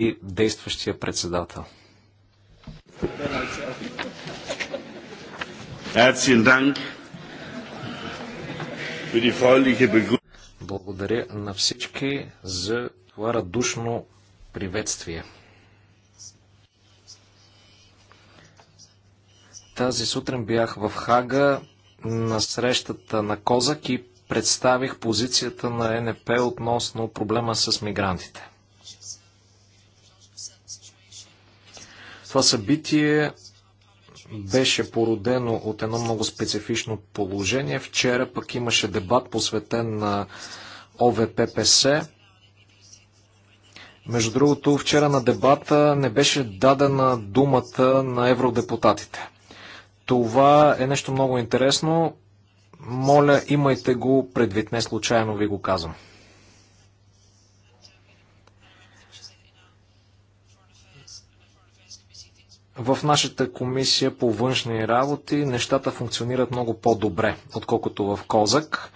и действащия председател. Благодаря на всички за това радушно приветствие. Тази сутрин бях в Хага на срещата на Козак и представих позицията на НП е относно проблема с мигрантите. Това събитие беше породено от едно много специфично положение. Вчера пък имаше дебат посветен на ОВППС. Между другото, вчера на дебата не беше дадена думата на евродепутатите. Това е нещо много интересно. Моля, имайте го предвид, не случайно ви го казвам. в нашата комисия по външни работи нещата функционират много по-добре, отколкото в Козак.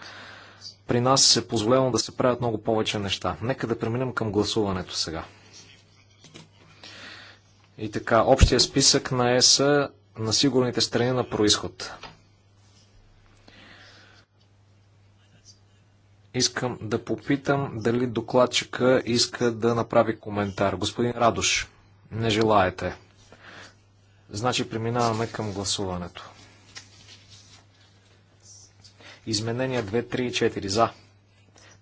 При нас се позволява да се правят много повече неща. Нека да преминем към гласуването сега. И така, общия списък на ЕСА на сигурните страни на происход. Искам да попитам дали докладчика иска да направи коментар. Господин Радош, не желаете. Значи преминаваме към гласуването. Изменения 2, 3 и 4 за.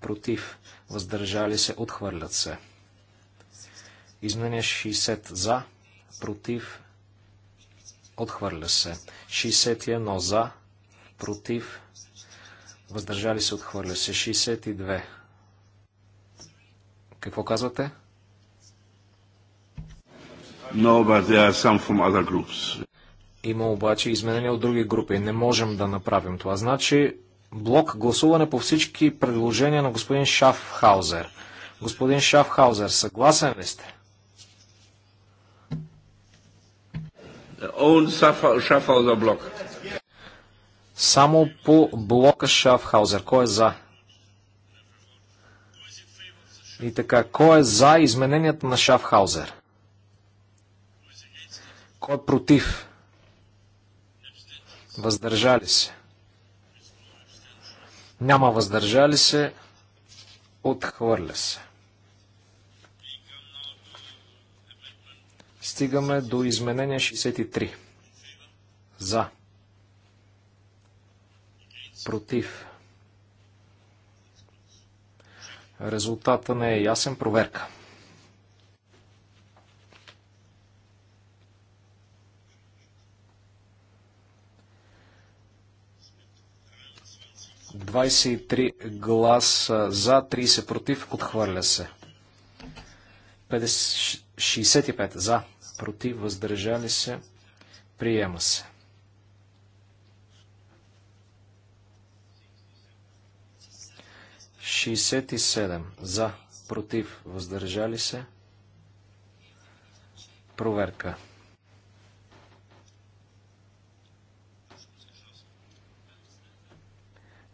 Против. Въздържали се. Отхвърлят се. Изменения 60 за. Против. Отхвърля се. 61 за. Против. Въздържали се. Отхвърля се. 62. Какво казвате? No, but there are some from other groups. Има обаче изменения от други групи. Не можем да направим това. Значи, блок гласуване по всички предложения на господин Шафхаузер. Господин Шафхаузер, съгласен ли сте? Шафхаузер блок. Само по блока Шафхаузер. Кой е за? И така, кой е за измененията на Шафхаузер? Кой е против? Въздържали се. Няма въздържали се. Отхвърля се. Стигаме до изменение 63. За. Против. Резултата не е ясен. Проверка. 23 гласа за, 30 против, отхвърля се. 65 за, против, въздържали се, приема се. 67 за, против, въздържали се. Проверка.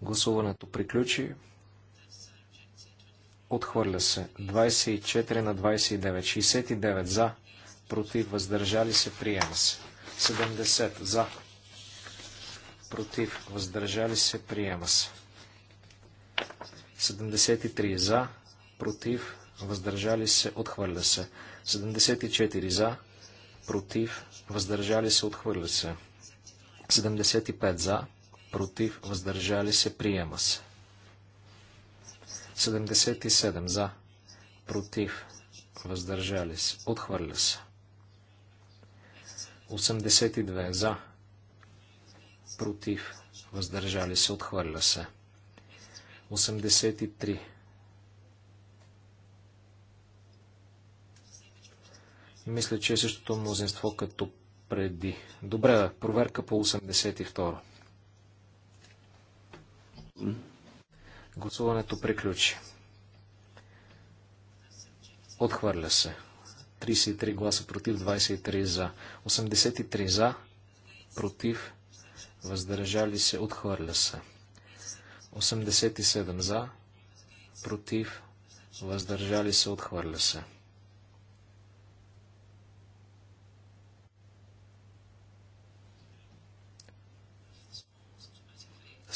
Гласуването приключи. Отхвърля се. 24 на 29. 69 за. Против. Въздържали се. Приема се. 70 за. Против. Въздържали се. Приема се. 73 за. Против. Въздържали се. Отхвърля се. 74 за. Против. Въздържали се. Отхвърля се. 75 за против, въздържали се, приема се. 77 за, против, въздържали се, отхвърля се. 82 за, против, въздържали се, отхвърля се. 83 Мисля, че е същото мнозинство като преди. Добре, проверка по 82. Гласуването приключи. Отхвърля се. 33 гласа против, 23 за. 83 за, против, въздържали се, отхвърля се. 87 за, против, въздържали се, отхвърля се.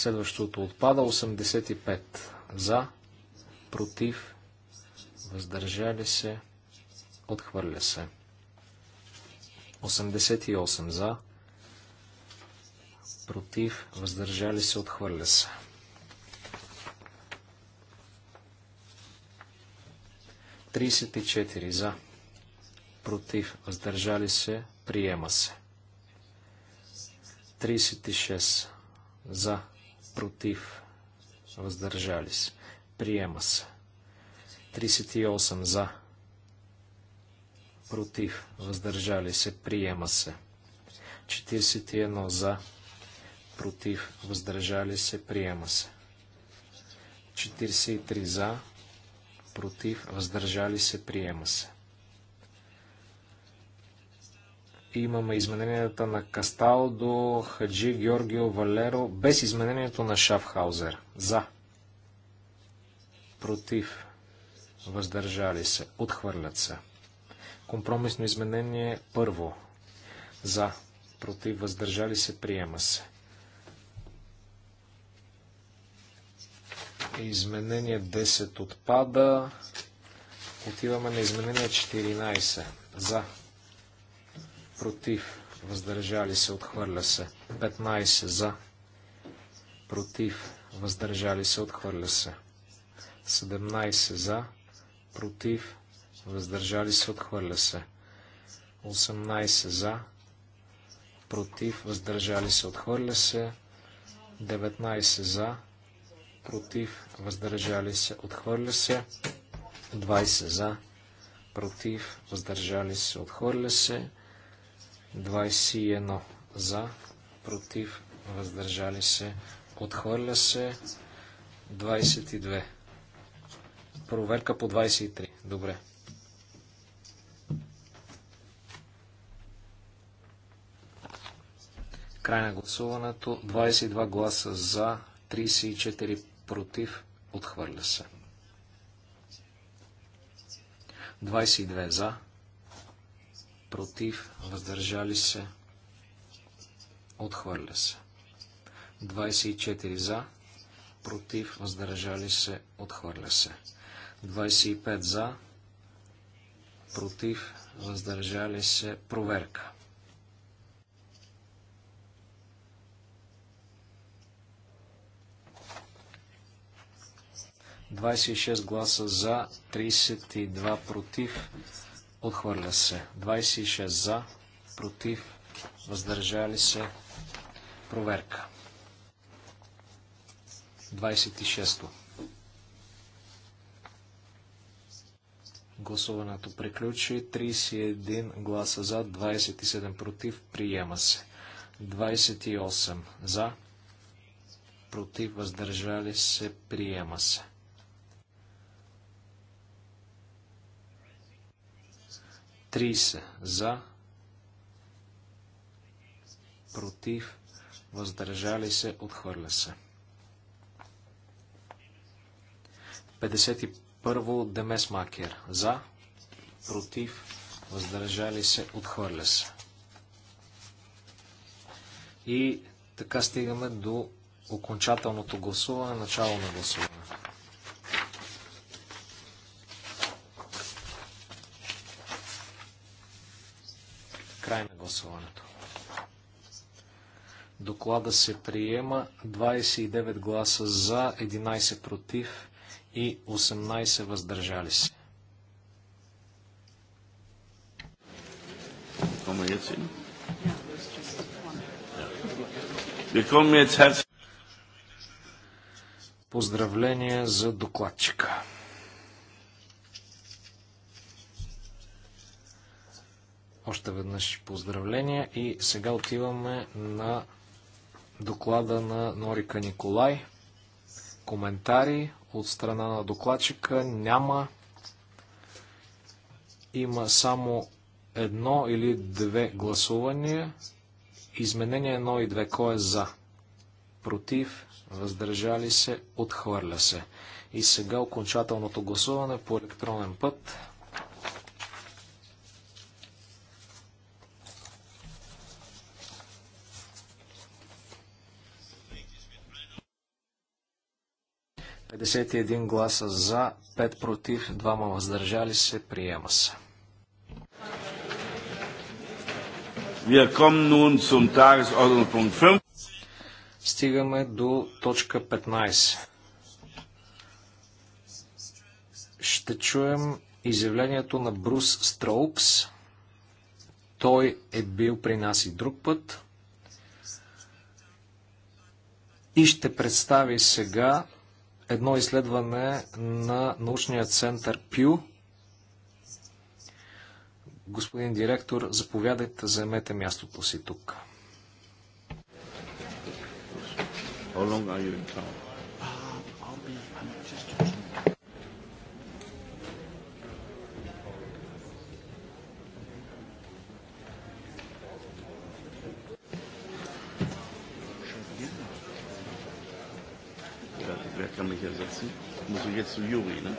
Следващото отпада 85 за, против, въздържали се, отхвърля се. 88 за, против, въздържали се, отхвърля се. Тридесет и четири за, против, въздържали се, приема се. 36 за, против, въздържали се, приема се. 38 за, против, въздържали се, приема се. 41 за, против, въздържали се, приема се. 43 за, против, въздържали се, приема се. Имаме измененията на Касталдо, Хаджи, Георгио, Валеро, без изменението на Шафхаузер. За. Против. Въздържали се. Отхвърлят се. Компромисно изменение първо. За. Против. Въздържали се. Приема се. Изменение 10 отпада. Отиваме на изменение 14. За против, въздържали се, отхвърля се. 15 за, против, въздържали се, отхвърля се. 17 за, против, въздържали се, отхвърля се. 18 за, против, въздържали се, отхвърля се. 19 за, против, въздържали се, отхвърля се. 20 за, против, въздържали се, отхвърля се. 21 за, против, въздържали се, отхвърля се 22. Проверка по 23. Добре. Край на гласуването. 22 гласа за, 34 против, отхвърля се. 22 за, против, въздържали се, отхвърля се. 24 за, против, въздържали се, отхвърля се. 25 за, против, въздържали се, проверка. Двадесет гласа за, 32 против, Отхвърля се. 26 за, против, въздържали се. Проверка. 26-то. Гласуването приключи. 31 гласа за, 27 против. Приема се. 28 за, против, въздържали се. Приема се. 30 за, против, въздържали се, отхвърля се. 51 Демес Макер за, против, въздържали се, отхвърля се. И така стигаме до окончателното гласуване, начало на гласуване. гласуването. Доклада се приема 29 гласа за, 11 против и 18 въздържали се. Поздравление за докладчика. Още веднъж поздравления и сега отиваме на доклада на Норика Николай. Коментари от страна на докладчика няма. Има само едно или две гласувания. Изменение едно и две. Кой е за? Против? Въздържали се? Отхвърля се. И сега окончателното гласуване по електронен път. 51 гласа за, 5 против, 2 въздържали се, приема се. Стигаме до точка 15. Ще чуем изявлението на Брус Строукс. Той е бил при нас и друг път и ще представи сега едно изследване на научния център Пю. Господин директор, заповядайте, заемете мястото си тук. How long are you in town? Muss ich jetzt zu Juri, ne?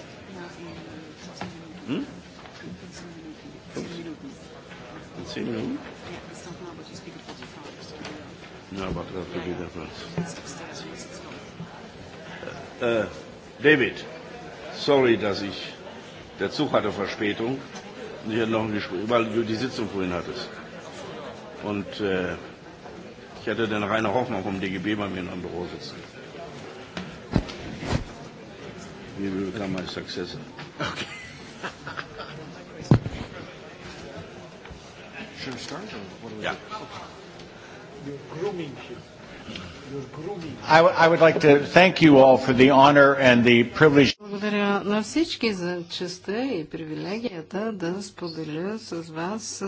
Hm? In zehn Minuten? Ja, aber das ist wieder was. Äh, David, sorry, dass ich. Der Zug hatte Verspätung. Und ich hatte noch ein Gespräch, weil du die Sitzung vorhin hattest. Und äh, ich hatte den Rainer Hoffmann vom DGB bei mir in einem Büro sitzen. You will become my successor. Okay. Should we start or what do we yeah. do? You're grooming him. I would like to thank you all for the honor and the privilege. Благодаря на всички за честа и привилегията да споделя с вас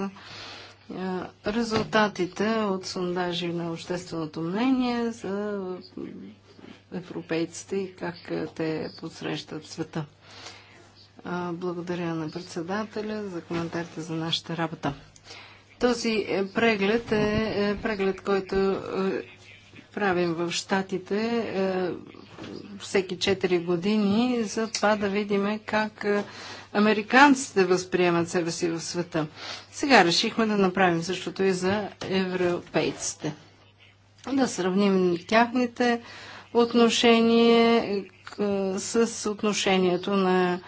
резултатите от сондажи на общественото мнение за европейците и как е, те посрещат света. Благодаря на председателя за коментарите за нашата работа. Този е, преглед е, е преглед, който правим в Штатите всеки 4 години, за това да видим как американците възприемат себе си в света. Сега решихме да направим същото и за европейците. Да сравним тяхните отношение с отношението на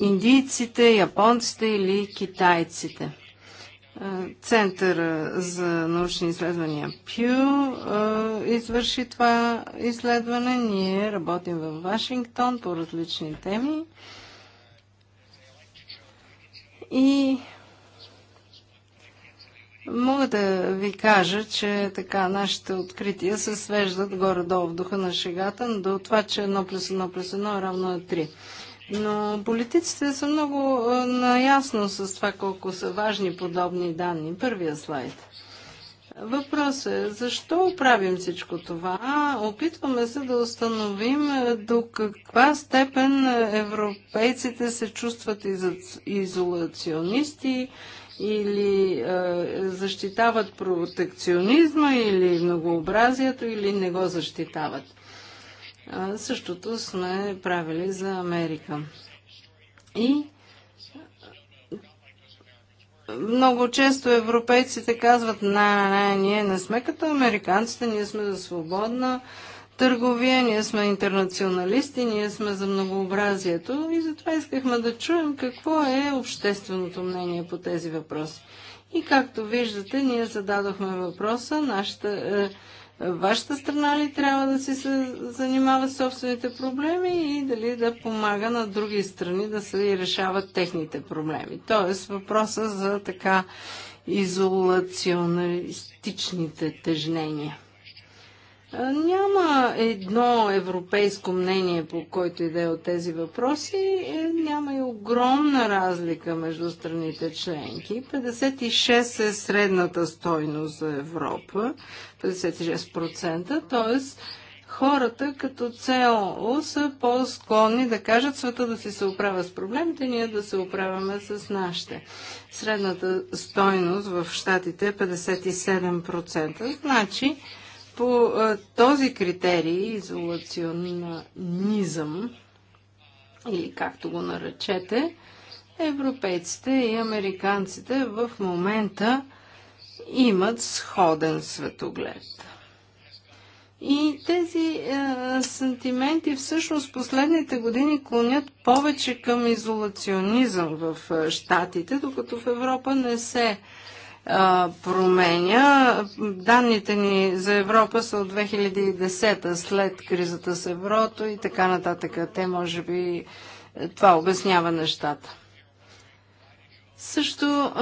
индийците, японците или китайците. Център за научни изследвания Пю извърши това изследване. Ние работим в Вашингтон по различни теми. И Мога да ви кажа, че така нашите открития се свеждат горе-долу в духа на шегата до това, че 1 плюс 1 плюс 1 е равно на 3. Но политиците са много наясно с това колко са важни подобни данни. Първия слайд. Въпрос е, защо правим всичко това? Опитваме се да установим до каква степен европейците се чувстват изолационисти, или е, защитават протекционизма или многообразието, или не го защитават. Е, същото сме правили за Америка. И много често европейците казват, не, не, ние не сме като американците, ние сме за свободна, е, търговия, ние сме интернационалисти, ние сме за многообразието и затова искахме да чуем какво е общественото мнение по тези въпроси. И както виждате, ние зададохме въпроса, нашата, е, вашата страна ли трябва да си се занимава с собствените проблеми и дали да помага на други страни да се решават техните проблеми. Тоест въпроса за така изолационалистичните тежнения. Няма едно европейско мнение по който иде от тези въпроси. Е, няма и огромна разлика между страните членки. 56 е средната стойност за Европа, 56%, т.е. хората като цяло са по-склонни да кажат света да си се оправя с проблемите, ние да се оправяме с нашите. Средната стойност в щатите е 57%. Значи, по е, този критерий, изолационизъм, или както го наречете, европейците и американците в момента имат сходен светоглед. И тези е, сантименти всъщност последните години клонят повече към изолационизъм в Штатите, е, докато в Европа не се променя. Данните ни за Европа са от 2010 след кризата с еврото и така нататък. Те може би това обяснява нещата. Също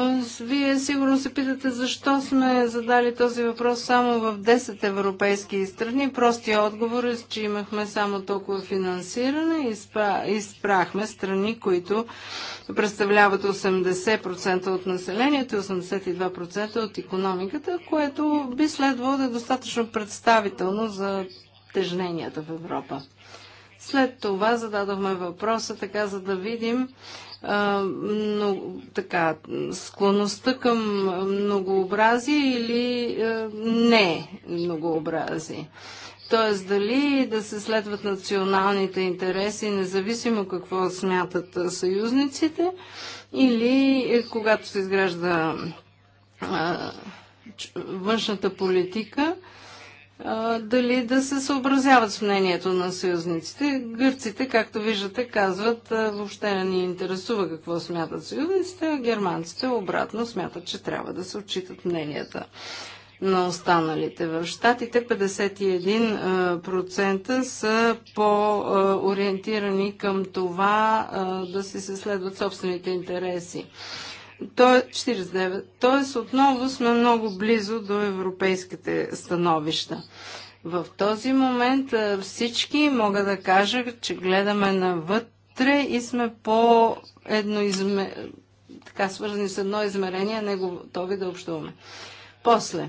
вие сигурно се питате защо сме задали този въпрос само в 10 европейски страни. Простия отговор е, че имахме само толкова финансиране и изпрахме страни, които представляват 80% от населението и 82% от економиката, което би следвало да е достатъчно представително за тежненията в Европа. След това зададохме въпроса, така за да видим но, така, склонността към многообразие или не многообразие. Тоест дали да се следват националните интереси, независимо какво смятат съюзниците, или когато се изгражда външната политика, дали да се съобразяват с мнението на съюзниците. Гърците, както виждате, казват, въобще не ни интересува какво смятат съюзниците, а германците обратно смятат, че трябва да се отчитат мненията на останалите. В Штатите 51% са по-ориентирани към това да си се следват собствените интереси. 49. Е Тоест отново сме много близо до европейските становища. В този момент всички мога да кажа, че гледаме навътре и сме по едно изме... така свързани с едно измерение, не готови да общуваме. После,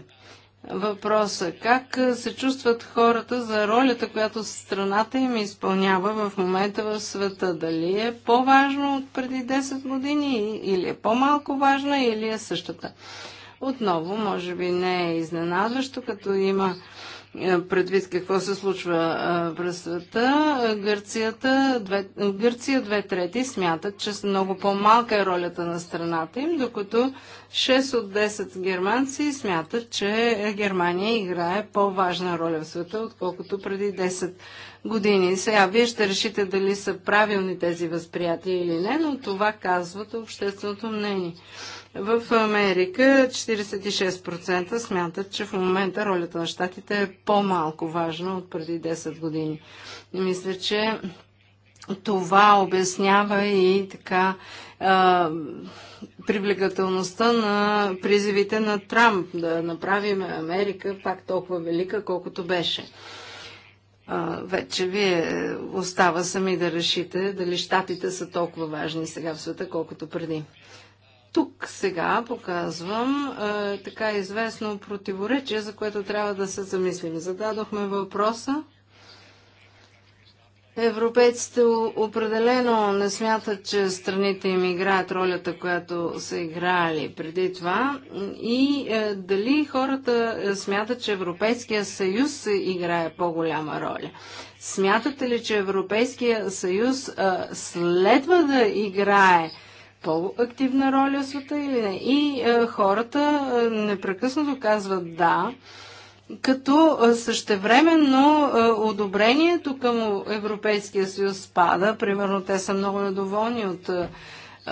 въпроса. Как се чувстват хората за ролята, която страната им изпълнява в момента в света? Дали е по-важно от преди 10 години или е по-малко важна или е същата? Отново, може би не е изненадващо, като има е, предвид какво се случва е, през света, е, Гърцията, две, Гърция две трети смятат, че много по-малка е ролята на страната им, докато 6 от 10 германци смятат, че Германия играе по-важна роля в света, отколкото преди 10 години. Сега вие ще решите дали са правилни тези възприятия или не, но това казват общественото мнение. В Америка 46% смятат, че в момента ролята на щатите е по-малко важна от преди 10 години. Мисля, че това обяснява и така а, привлекателността на призивите на Трамп да направим Америка пак толкова велика, колкото беше. А, вече вие е, остава сами да решите дали щатите са толкова важни сега в света, колкото преди тук сега показвам е, така известно противоречие, за което трябва да се замислим. Зададохме въпроса. Европейците определено не смятат, че страните им играят ролята, която са играли преди това. И е, дали хората е, смятат, че Европейския съюз играе по-голяма роля? Смятате ли, че Европейския съюз е, следва да играе? по-активна роля в света или не. И е, хората е, непрекъснато казват да, като е, същевременно е, одобрението към Европейския съюз спада. Примерно те са много недоволни от е, е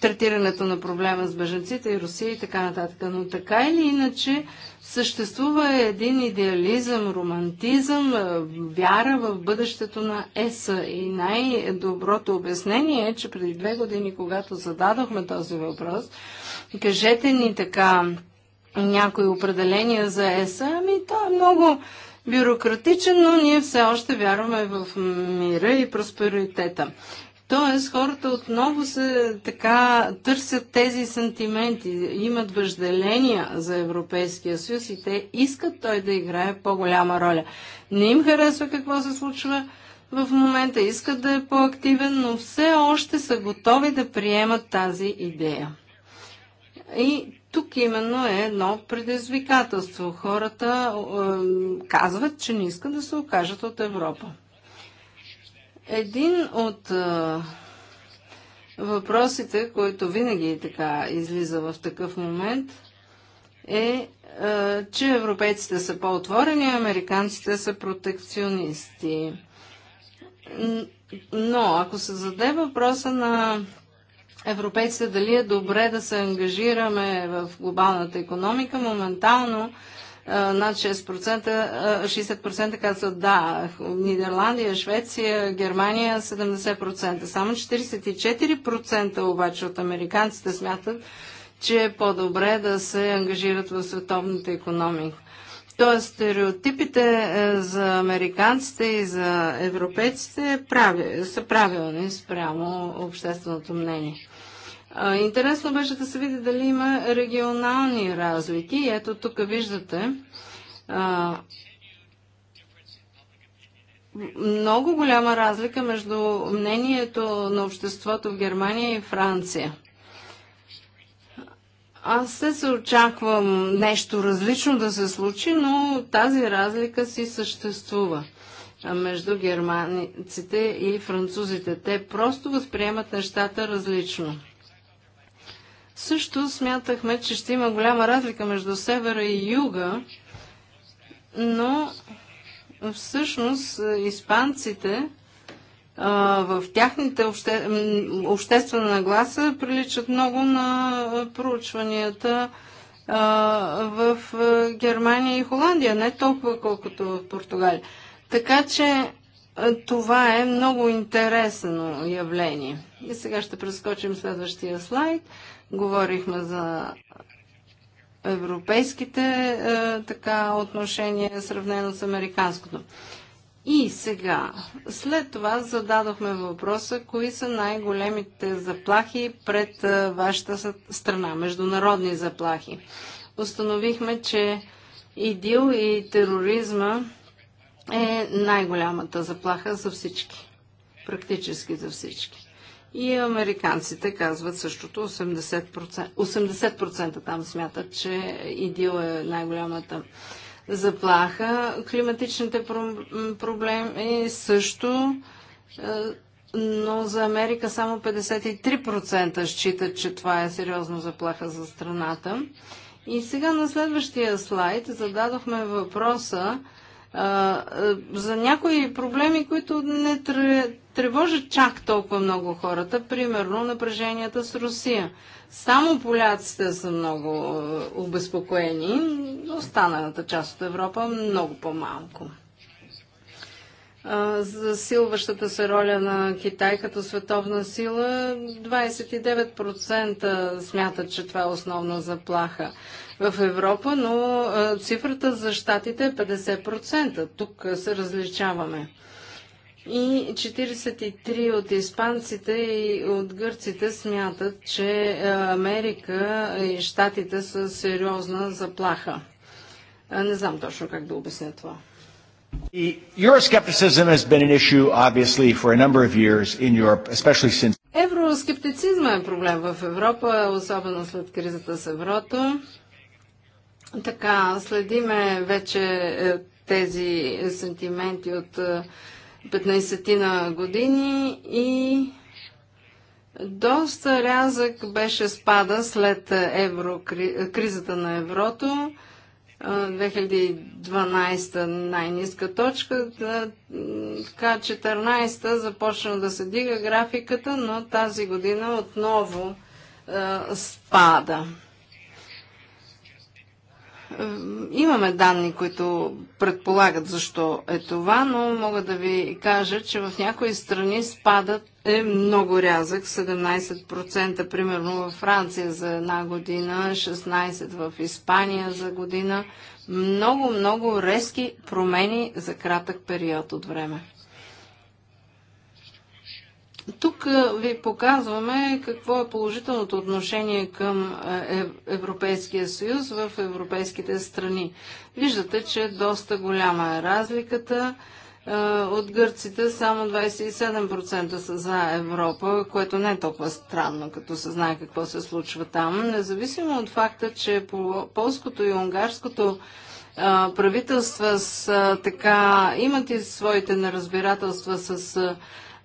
третирането на проблема с беженците и Русия и така нататък. Но така или иначе съществува един идеализъм, романтизъм, е, вяра в бъдещето на ЕСА. И най-доброто обяснение е, че преди две години, когато зададохме този въпрос, кажете ни така някои определения за ЕСА, ами то е много бюрократичен, но ние все още вярваме в мира и просперитета. Тоест, хората отново се така търсят тези сантименти, имат въжделения за Европейския съюз и те искат той да играе по-голяма роля. Не им харесва какво се случва в момента, искат да е по-активен, но все още са готови да приемат тази идея. И тук именно е едно предизвикателство. Хората е, казват, че не искат да се окажат от Европа. Един от въпросите, който винаги така излиза в такъв момент, е, че европейците са по-отворени, а американците са протекционисти. Но ако се зададе въпроса на европейците дали е добре да се ангажираме в глобалната економика, моментално над 6%, 60% казват да. Нидерландия, Швеция, Германия 70%. Само 44% обаче от американците смятат, че е по-добре да се ангажират в световната економика. Тоест, стереотипите е, за американците и за европейците са правилни спрямо общественото мнение. Интересно беше да се види дали има регионални разлики. Ето тук виждате много голяма разлика между мнението на обществото в Германия и Франция. Аз се се очаквам нещо различно да се случи, но тази разлика си съществува между германиците и французите. Те просто възприемат нещата различно. Също смятахме, че ще има голяма разлика между севера и юга, но всъщност е, испанците в тяхните обще... обществена нагласа приличат много на проучванията в Германия и Холандия, не толкова колкото в Португалия. Така че това е много интересно явление. И сега ще прескочим следващия слайд. Говорихме за европейските е, така отношения, сравнено с американското. И сега, след това зададохме въпроса, кои са най-големите заплахи пред е, вашата страна, международни заплахи. Установихме, че идил и тероризма е най-голямата заплаха за всички, практически за всички. И американците казват същото, 80%, 80% там смятат, че идил е най-голямата заплаха. Климатичните проблеми също, е, но за Америка само 53% считат, че това е сериозна заплаха за страната. И сега на следващия слайд зададохме въпроса за някои проблеми, които не тревожат чак толкова много хората, примерно напреженията с Русия. Само поляците са много обезпокоени, останалата част от Европа много по-малко засилващата се роля на Китай като световна сила, 29% смятат, че това е основна заплаха в Европа, но цифрата за щатите е 50%. Тук се различаваме. И 43 от испанците и от гърците смятат, че Америка и щатите са сериозна заплаха. Не знам точно как да обясня това. Евроскептицизма е проблем в Европа, особено след кризата с еврото. Така, следиме вече е, тези сантименти от 15-ти е, на години и доста рязък беше спада след евро, кризата на еврото. 2012 най-ниска точка, така 14 започна да се дига графиката, но тази година отново спада. Имаме данни, които предполагат защо е това, но мога да ви кажа, че в някои страни спадът е много рязък. 17% примерно във Франция за една година, 16% в Испания за година. Много, много резки промени за кратък период от време. Тук ви показваме какво е положителното отношение към е, Европейския съюз в европейските страни. Виждате, че доста голяма е разликата. От гърците само 27% са за Европа, което не е толкова странно, като се знае какво се случва там. Независимо от факта, че по полското и унгарското правителства с, така, имат и своите неразбирателства с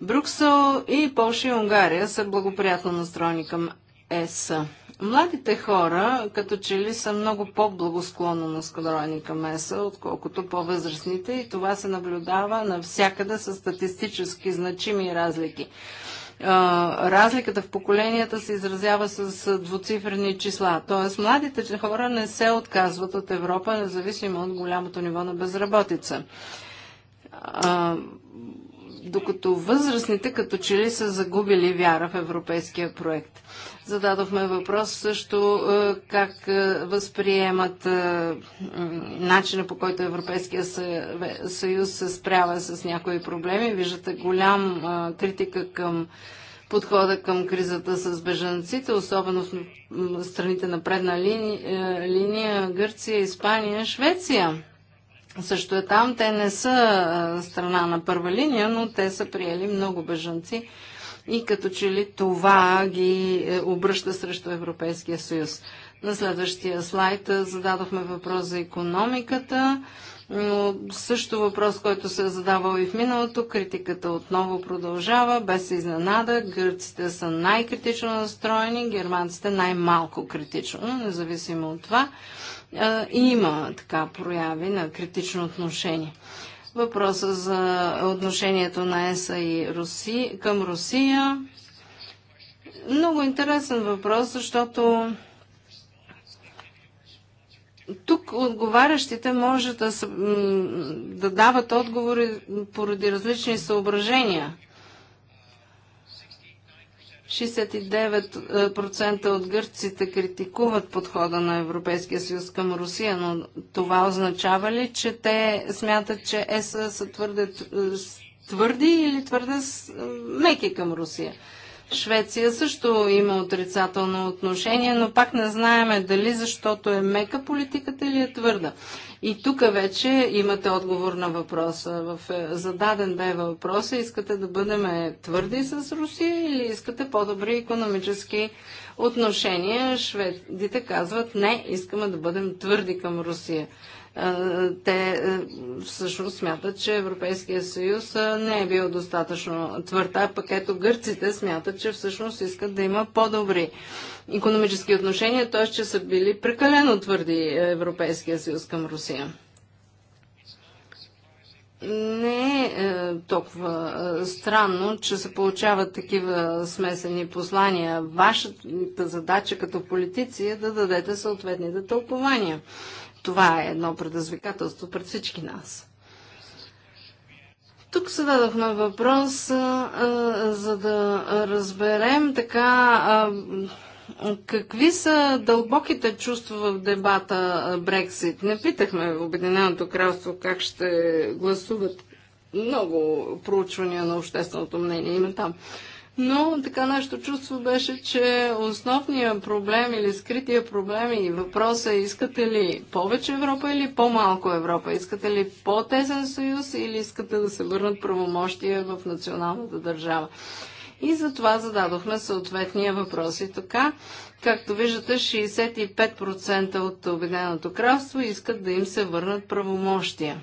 Брюксел и Польша и Унгария са благоприятно настроени към ЕС. Младите хора, като че ли са много по-благосклонно настроени към ЕС, отколкото по-възрастните и това се наблюдава навсякъде с статистически значими разлики. разликата в поколенията се изразява с, двуцифрени числа. Тоест, младите хора не се отказват от Европа, независимо от голямото ниво на безработица докато възрастните като че ли са загубили вяра в европейския проект. Зададохме въпрос също е, как е, възприемат е, начина по който Европейския съюз се справя с някои проблеми. Виждате голям критика към подхода към кризата с бежанците, особено в страните на предна линия, линия Гърция, Испания, Швеция също е там. Те не са страна на първа линия, но те са приели много бежанци и като че ли това ги е, обръща срещу Европейския съюз. На следващия слайд зададохме въпрос за економиката. Но също въпрос, който се е задавал и в миналото, критиката отново продължава, без изненада. Гърците са най-критично настроени, германците най-малко критично, независимо от това има така прояви на критично отношение. Въпроса за отношението на ЕСА и Руси, към Русия. Много интересен въпрос, защото тук отговарящите може да, да дават отговори поради различни съображения. 69% е, от гърците критикуват подхода на Европейския съюз към Русия, но това означава ли, че те смятат, че ЕС са твърде е, твърди или твърде е, меки към Русия? Швеция също има отрицателно отношение, но пак не знаеме дали защото е мека политиката или е твърда. И тук вече имате отговор на въпроса. В, е, зададен бе въпроса, искате да бъдем твърди с Русия или искате по-добри економически отношения? Шведите казват не, искаме да бъдем твърди към Русия е, те е, всъщност смятат, че Европейския съюз не е бил достатъчно твърда, пък ето гърците смятат, че всъщност искат да има по-добри економически отношения, т.е. че са били прекалено твърди Европейския съюз към Русия. Не е, е толкова е, странно, че се получават такива смесени послания. Вашата задача като политици е да дадете съответните тълкования. Това е едно предизвикателство пред всички нас. Тук се дадохме въпрос, а, е, за да разберем така а, Какви са дълбоките чувства в дебата Брексит? Не питахме в Обединеното кралство как ще гласуват. Много проучвания на общественото мнение има там. Но така нашето чувство беше, че основният проблем или скрития проблем и въпрос е искате ли повече Европа или по-малко Европа? Искате ли по-тесен съюз или искате да се върнат правомощия в националната държава? и затова зададохме съответния въпрос. И така, както виждате, 65% от Обединеното кралство искат да им се върнат правомощия.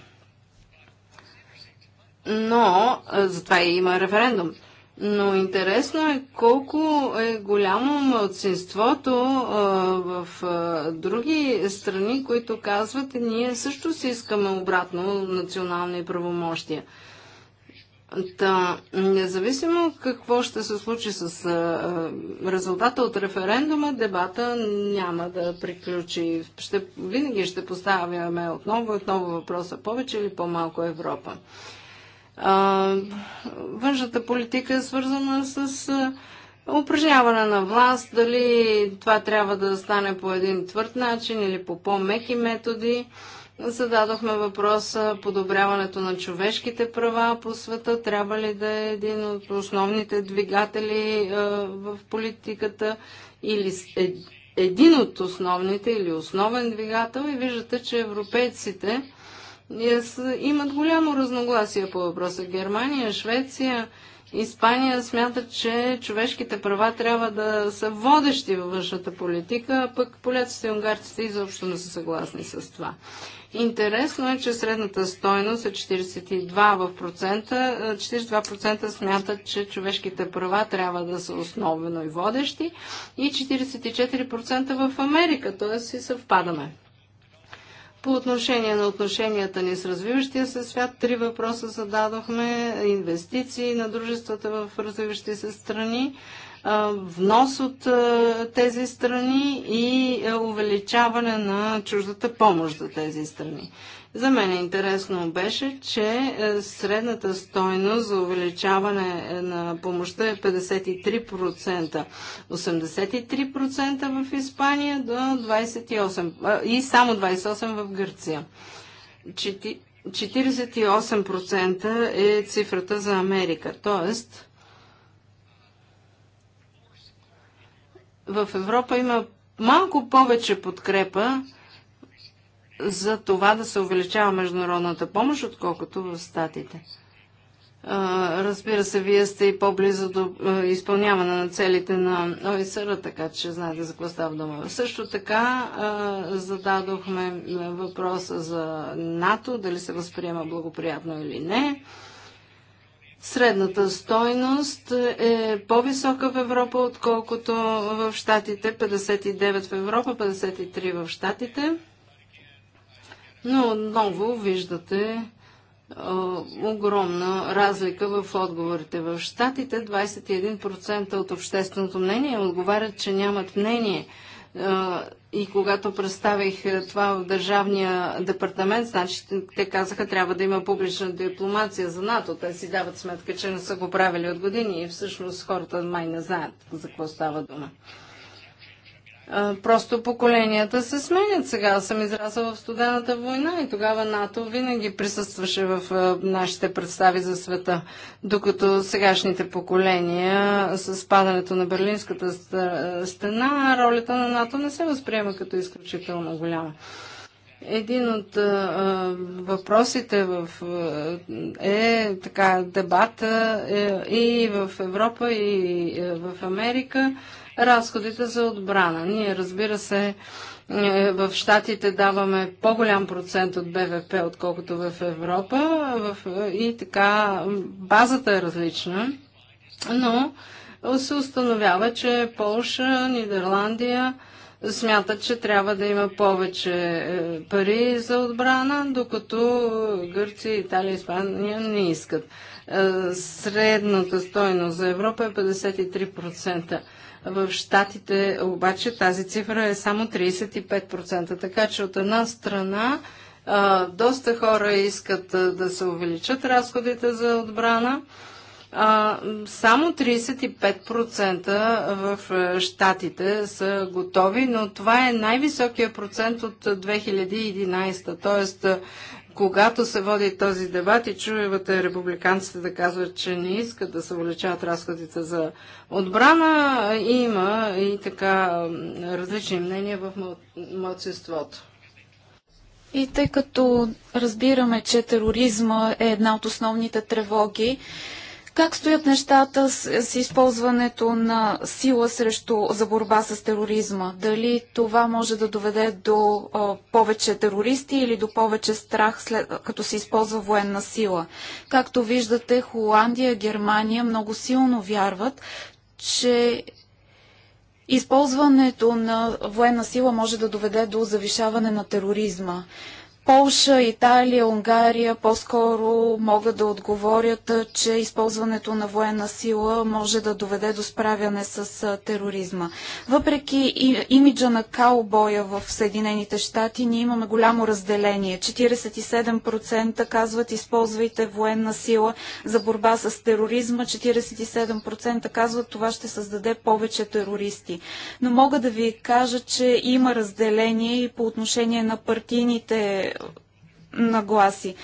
Но, затова и има референдум. Но интересно е колко е голямо мълцинството в други страни, които казват, ние също си искаме обратно национални правомощия. Та, независимо какво ще се случи с а, резултата от референдума, дебата няма да приключи. Ще, винаги ще поставяме отново и отново въпроса повече или по-малко Европа. А, външната политика е свързана с а, упражняване на власт, дали това трябва да стане по един твърд начин или по по-меки методи. А, Зададохме въпроса подобряването на човешките права по света. Трябва ли да е един от основните двигатели е, в политиката или е, един от основните или основен двигател? И виждате, че европейците е, имат голямо разногласие по въпроса. Германия, Швеция, Испания смятат, че човешките права трябва да са водещи във външната политика, а пък поляците и унгарците изобщо не са съгласни с това. Интересно е, че средната стойност е 42%. В процента. 42% е, смятат, че човешките права трябва да са основено и водещи и 44% в Америка, т.е. си съвпадаме. По отношение на отношенията ни с развиващия се свят, три въпроса зададохме. Инвестиции на дружествата в развиващи се страни, внос от тези страни и увеличаване на чуждата помощ за тези страни. За мен интересно беше, че средната стойност за увеличаване е, на помощта е 53%. 83% в Испания до 28% и само 28% в Гърция. 48% е цифрата за Америка. Тоест, в Европа има малко повече подкрепа за това да се увеличава международната помощ, отколкото в Статите. Разбира се, вие сте и по-близо до изпълняване на целите на ОИСР, така че знаете за какво става дума. Също така зададохме въпроса за НАТО, дали се възприема благоприятно или не. Средната стойност е по-висока в Европа, отколкото в Штатите. 59 в Европа, 53 в Штатите. Но отново виждате огромна разлика в отговорите. В Штатите 21% от общественото мнение отговарят, че нямат мнение. И когато представих е, това в Държавния департамент, значи те казаха, трябва да има публична дипломация за НАТО. Те си дават сметка, че не са го правили от години и всъщност хората май не знаят за какво става дума. Просто поколенията се сменят сега. Съм израсъл в студената война и тогава НАТО винаги присъстваше в нашите представи за света, докато сегашните поколения с падането на Берлинската стена ролята на НАТО не се възприема като изключително голяма. Един от а, въпросите в, е така дебата е, и в Европа, и в Америка разходите за отбрана. Ние, разбира се, е, в Штатите даваме по-голям процент от БВП, отколкото в Европа и така базата е различна, но се установява, че Полша, Нидерландия смятат, че трябва да има повече е, пари за отбрана, докато Гърция, Италия и Испания не искат. Е, средната стойност за Европа е 53%. В Штатите обаче тази цифра е само 35%. Така че от една страна доста хора искат да се увеличат разходите за отбрана. само 35% в Штатите са готови, но това е най-високия процент от 2011. Тоест когато се води този дебат и чувате републиканците да казват, че не искат да се увеличават разходите за отбрана, има и така различни мнения в младсинството. И тъй като разбираме, че тероризма е една от основните тревоги, как стоят нещата с, с използването на сила срещу за борба с тероризма? Дали това може да доведе до о, повече терористи или до повече страх, след, като се използва военна сила? Както виждате, Холандия, Германия много силно вярват, че използването на военна сила може да доведе до завишаване на тероризма. Полша, Италия, Унгария по-скоро могат да отговорят, че използването на военна сила може да доведе до справяне с тероризма. Въпреки имиджа на каубоя в Съединените щати, ние имаме голямо разделение. 47% казват използвайте военна сила за борба с тероризма, 47% казват това ще създаде повече терористи. Но мога да ви кажа, че има разделение и по отношение на партийните нагласи.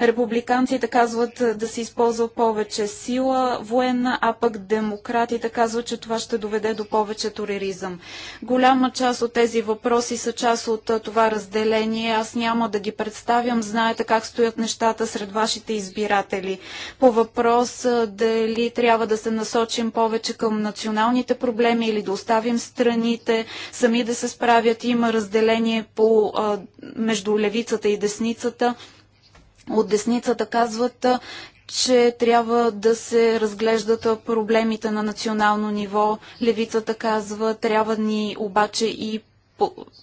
Републиканците казват е, да се използва повече сила военна, а пък демократите казват, че това ще доведе до повече тероризъм. Голяма част от тези въпроси са част от е, това разделение. Аз няма да ги представям. Знаете как стоят нещата сред вашите избиратели. По въпрос е, дали трябва да се насочим повече към националните проблеми или да оставим страните сами да се справят. Има разделение по, между левицата и десницата от десницата казват, че трябва да се разглеждат проблемите на национално ниво. Левицата казва, трябва ни обаче и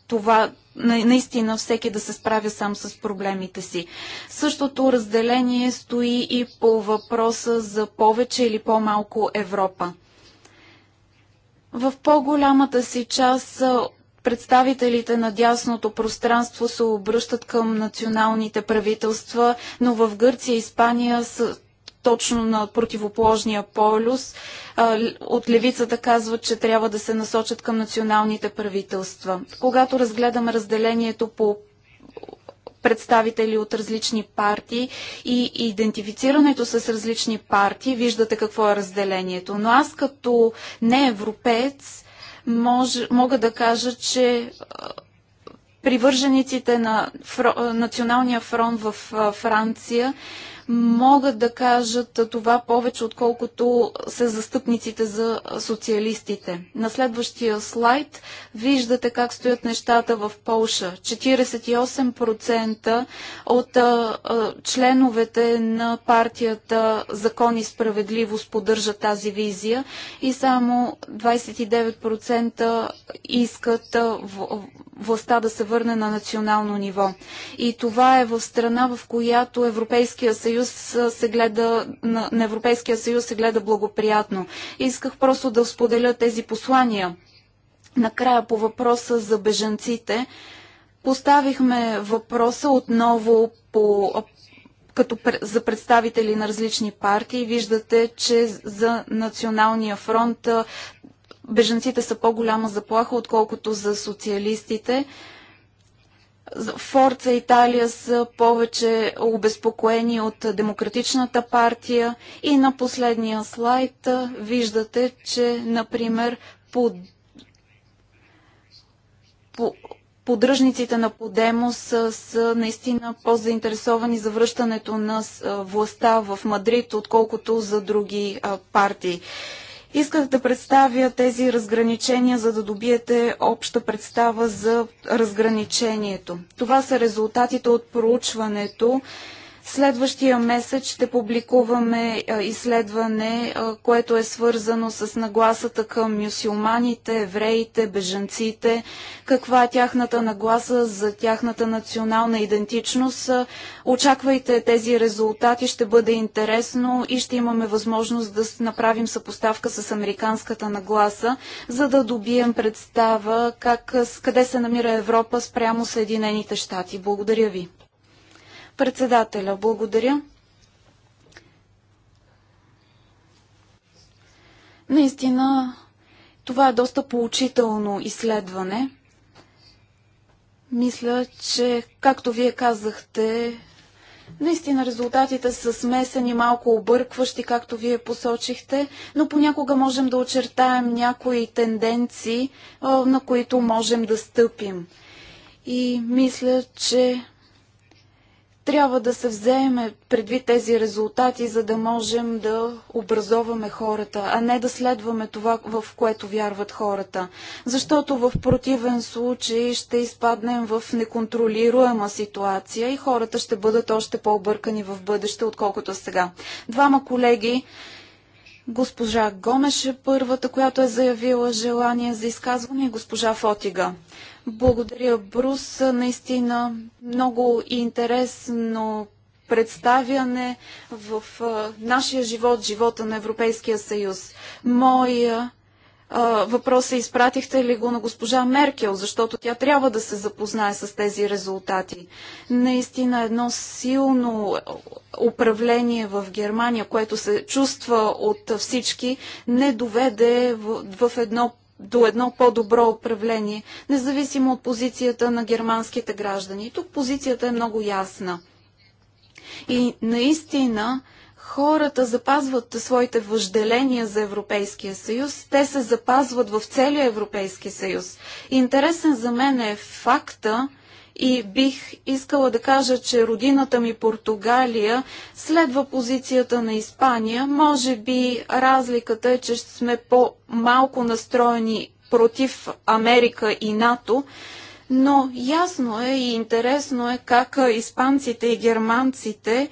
това наистина всеки да се справя сам с проблемите си. Същото разделение стои и по въпроса за повече или по-малко Европа. В по-голямата си част представителите на дясното пространство се обръщат към националните правителства, но в Гърция и Испания са точно на противоположния полюс. От левицата казват, че трябва да се насочат към националните правителства. Когато разгледаме разделението по представители от различни партии и идентифицирането с различни партии, виждате какво е разделението. Но аз като не европеец мож, мога да кажа, че привържениците на Фро, Националния фронт в Франция могат да кажат това повече, отколкото са застъпниците за социалистите. На следващия слайд виждате как стоят нещата в Полша. 48% от а, а, членовете на партията Закон и справедливост поддържат тази визия и само 29% искат властта да се върне на национално ниво. И това е в страна, в която Европейския съюз съюз се гледа, на, на Европейския съюз се гледа благоприятно. Исках просто да споделя тези послания. Накрая по въпроса за бежанците. Поставихме въпроса отново по като за представители на различни партии. Виждате, че за Националния фронт бежанците са по-голяма заплаха, отколкото за социалистите. Форца Италия са повече обезпокоени от Демократичната партия и на последния слайд виждате, че, например, под... по... поддръжниците на Подемос са, наистина по-заинтересовани за връщането на властта в Мадрид, отколкото за други партии. Исках да представя тези разграничения, за да добиете обща представа за разграничението. Това са резултатите от проучването Следващия месец ще публикуваме изследване, което е свързано с нагласата към мюсюлманите, евреите, бежанците, каква е тяхната нагласа за тяхната национална идентичност. Очаквайте тези резултати, ще бъде интересно и ще имаме възможност да направим съпоставка с американската нагласа, за да добием представа как, къде се намира Европа спрямо Съединените щати. Благодаря ви. Председателя, благодаря. Наистина, това е доста поучително изследване. Мисля, че, както вие казахте, Наистина резултатите са смесени, малко объркващи, както вие посочихте, но понякога можем да очертаем някои тенденции, на които можем да стъпим. И мисля, че трябва да се вземе предвид тези резултати, за да можем да образоваме хората, а не да следваме това, в което вярват хората. Защото в противен случай ще изпаднем в неконтролируема ситуация и хората ще бъдат още по-объркани в бъдеще, отколкото сега. Двама колеги Госпожа Гомеш е първата, която е заявила желание за изказване и госпожа Фотига. Благодаря, Брус. Наистина много интересно представяне в нашия живот, живота на Европейския съюз. Моя въпрос е изпратихте ли го на госпожа Меркел, защото тя трябва да се запознае с тези резултати. Наистина едно силно управление в Германия, което се чувства от всички, не доведе в, в едно до едно по-добро управление, независимо от позицията на германските граждани. тук позицията е много ясна. И наистина хората запазват своите въжделения за Европейския съюз, те се запазват в целия Европейски съюз. Интересен за мен е факта, и бих искала да кажа, че родината ми Португалия следва позицията на Испания. Може би разликата е, че сме по-малко настроени против Америка и НАТО, но ясно е и интересно е как испанците и германците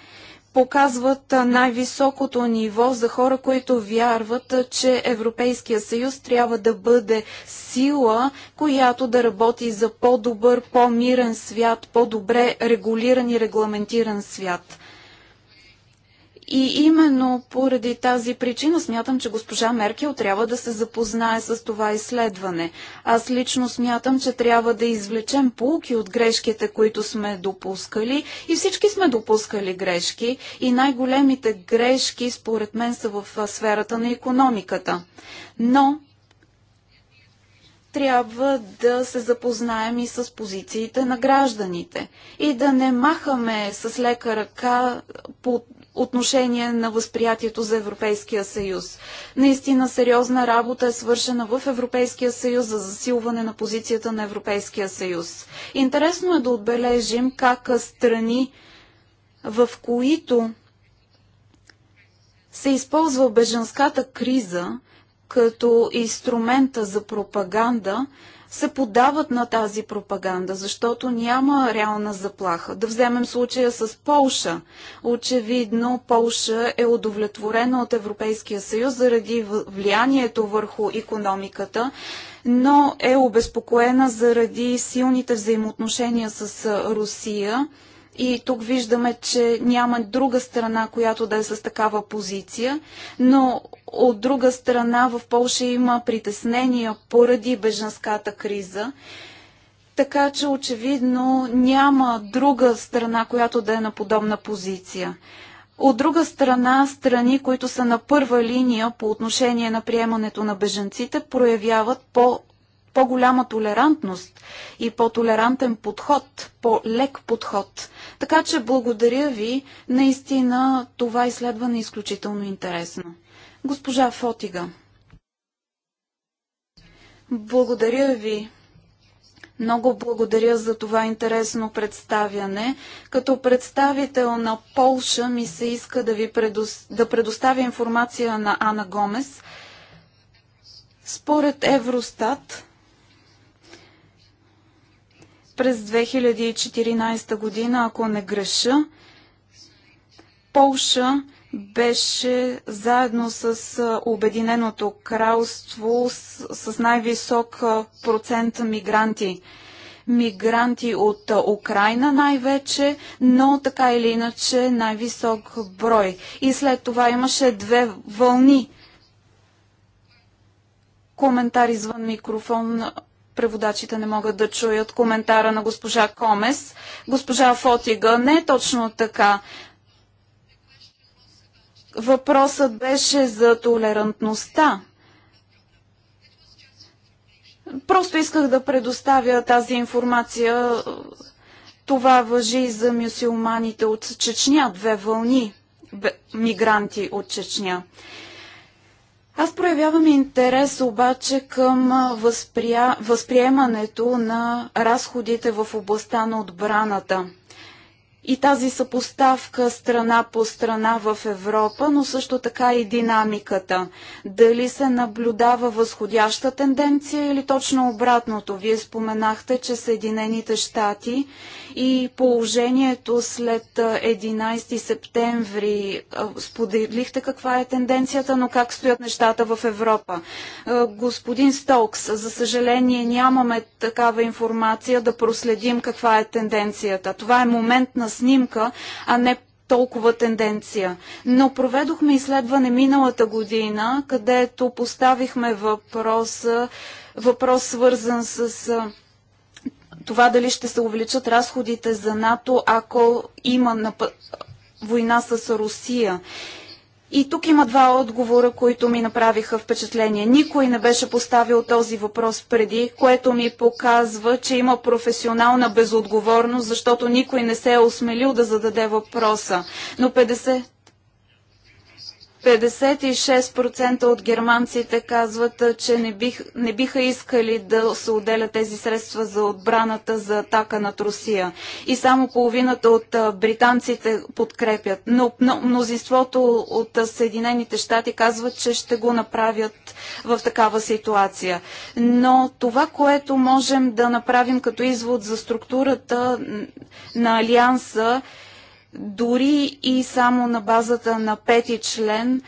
показват най-високото ниво за хора, които вярват, че Европейския съюз трябва да бъде сила, която да работи за по-добър, по-мирен свят, по-добре регулиран и регламентиран свят. И именно поради тази причина смятам, че госпожа Меркел трябва да се запознае с това изследване. Аз лично смятам, че трябва да извлечем полки от грешките, които сме допускали. И всички сме допускали грешки. И най-големите грешки, според мен, са в сферата на економиката. Но трябва да се запознаем и с позициите на гражданите и да не махаме с лека ръка по отношение на възприятието за Европейския съюз. Наистина сериозна работа е свършена в Европейския съюз за засилване на позицията на Европейския съюз. Интересно е да отбележим как страни, в които се използва беженската криза като инструмента за пропаганда, се подават на тази пропаганда, защото няма реална заплаха. Да вземем случая с Полша. Очевидно, Полша е удовлетворена от Европейския съюз заради влиянието върху економиката, но е обезпокоена заради силните взаимоотношения с Русия – и тук виждаме, че няма друга страна, която да е с такава позиция, но от друга страна в Польша има притеснения поради беженската криза. Така че очевидно няма друга страна, която да е на подобна позиция. От друга страна, страни, които са на първа линия по отношение на приемането на беженците, проявяват по по-голяма толерантност и по-толерантен подход, по-лек подход. Така че благодаря ви. Наистина това изследване е изключително интересно. Госпожа Фотига. Благодаря ви. Много благодаря за това интересно представяне. Като представител на Полша ми се иска да ви предос... да предоставя информация на Ана Гомес. Според Евростат, през 2014 година, ако не греша, Полша беше заедно с Обединеното кралство с, с най-висок процент мигранти. Мигранти от Украина най-вече, но така или иначе най-висок брой. И след това имаше две вълни. Коментар извън микрофон преводачите не могат да чуят коментара на госпожа Комес. Госпожа Фотига, не е точно така. Въпросът беше за толерантността. Просто исках да предоставя тази информация. Това въжи за мюсюлманите от Чечня, две вълни мигранти от Чечня. Аз проявявам интерес обаче към възприя... възприемането на разходите в областта на отбраната – и тази съпоставка страна по страна в Европа, но също така и динамиката. Дали се наблюдава възходяща тенденция или точно обратното? Вие споменахте, че Съединените щати и положението след 11 септември споделихте каква е тенденцията, но как стоят нещата в Европа. Господин Стокс, за съжаление нямаме такава информация да проследим каква е тенденцията. Това е момент на снимка, а не толкова тенденция. Но проведохме изследване миналата година, където поставихме въпрос, въпрос свързан с това дали ще се увеличат разходите за НАТО, ако има война с Русия. И тук има два отговора, които ми направиха впечатление. Никой не беше поставил този въпрос преди, което ми показва, че има професионална безотговорност, защото никой не се е осмелил да зададе въпроса. Но 50 56% от германците казват, че не, бих, не биха искали да се отделят тези средства за отбраната за атака над Русия. И само половината от британците подкрепят. Но, но мнозинството от Съединените щати казват, че ще го направят в такава ситуация. Но това, което можем да направим като извод за структурата на Алианса, дори и само на базата на пети член,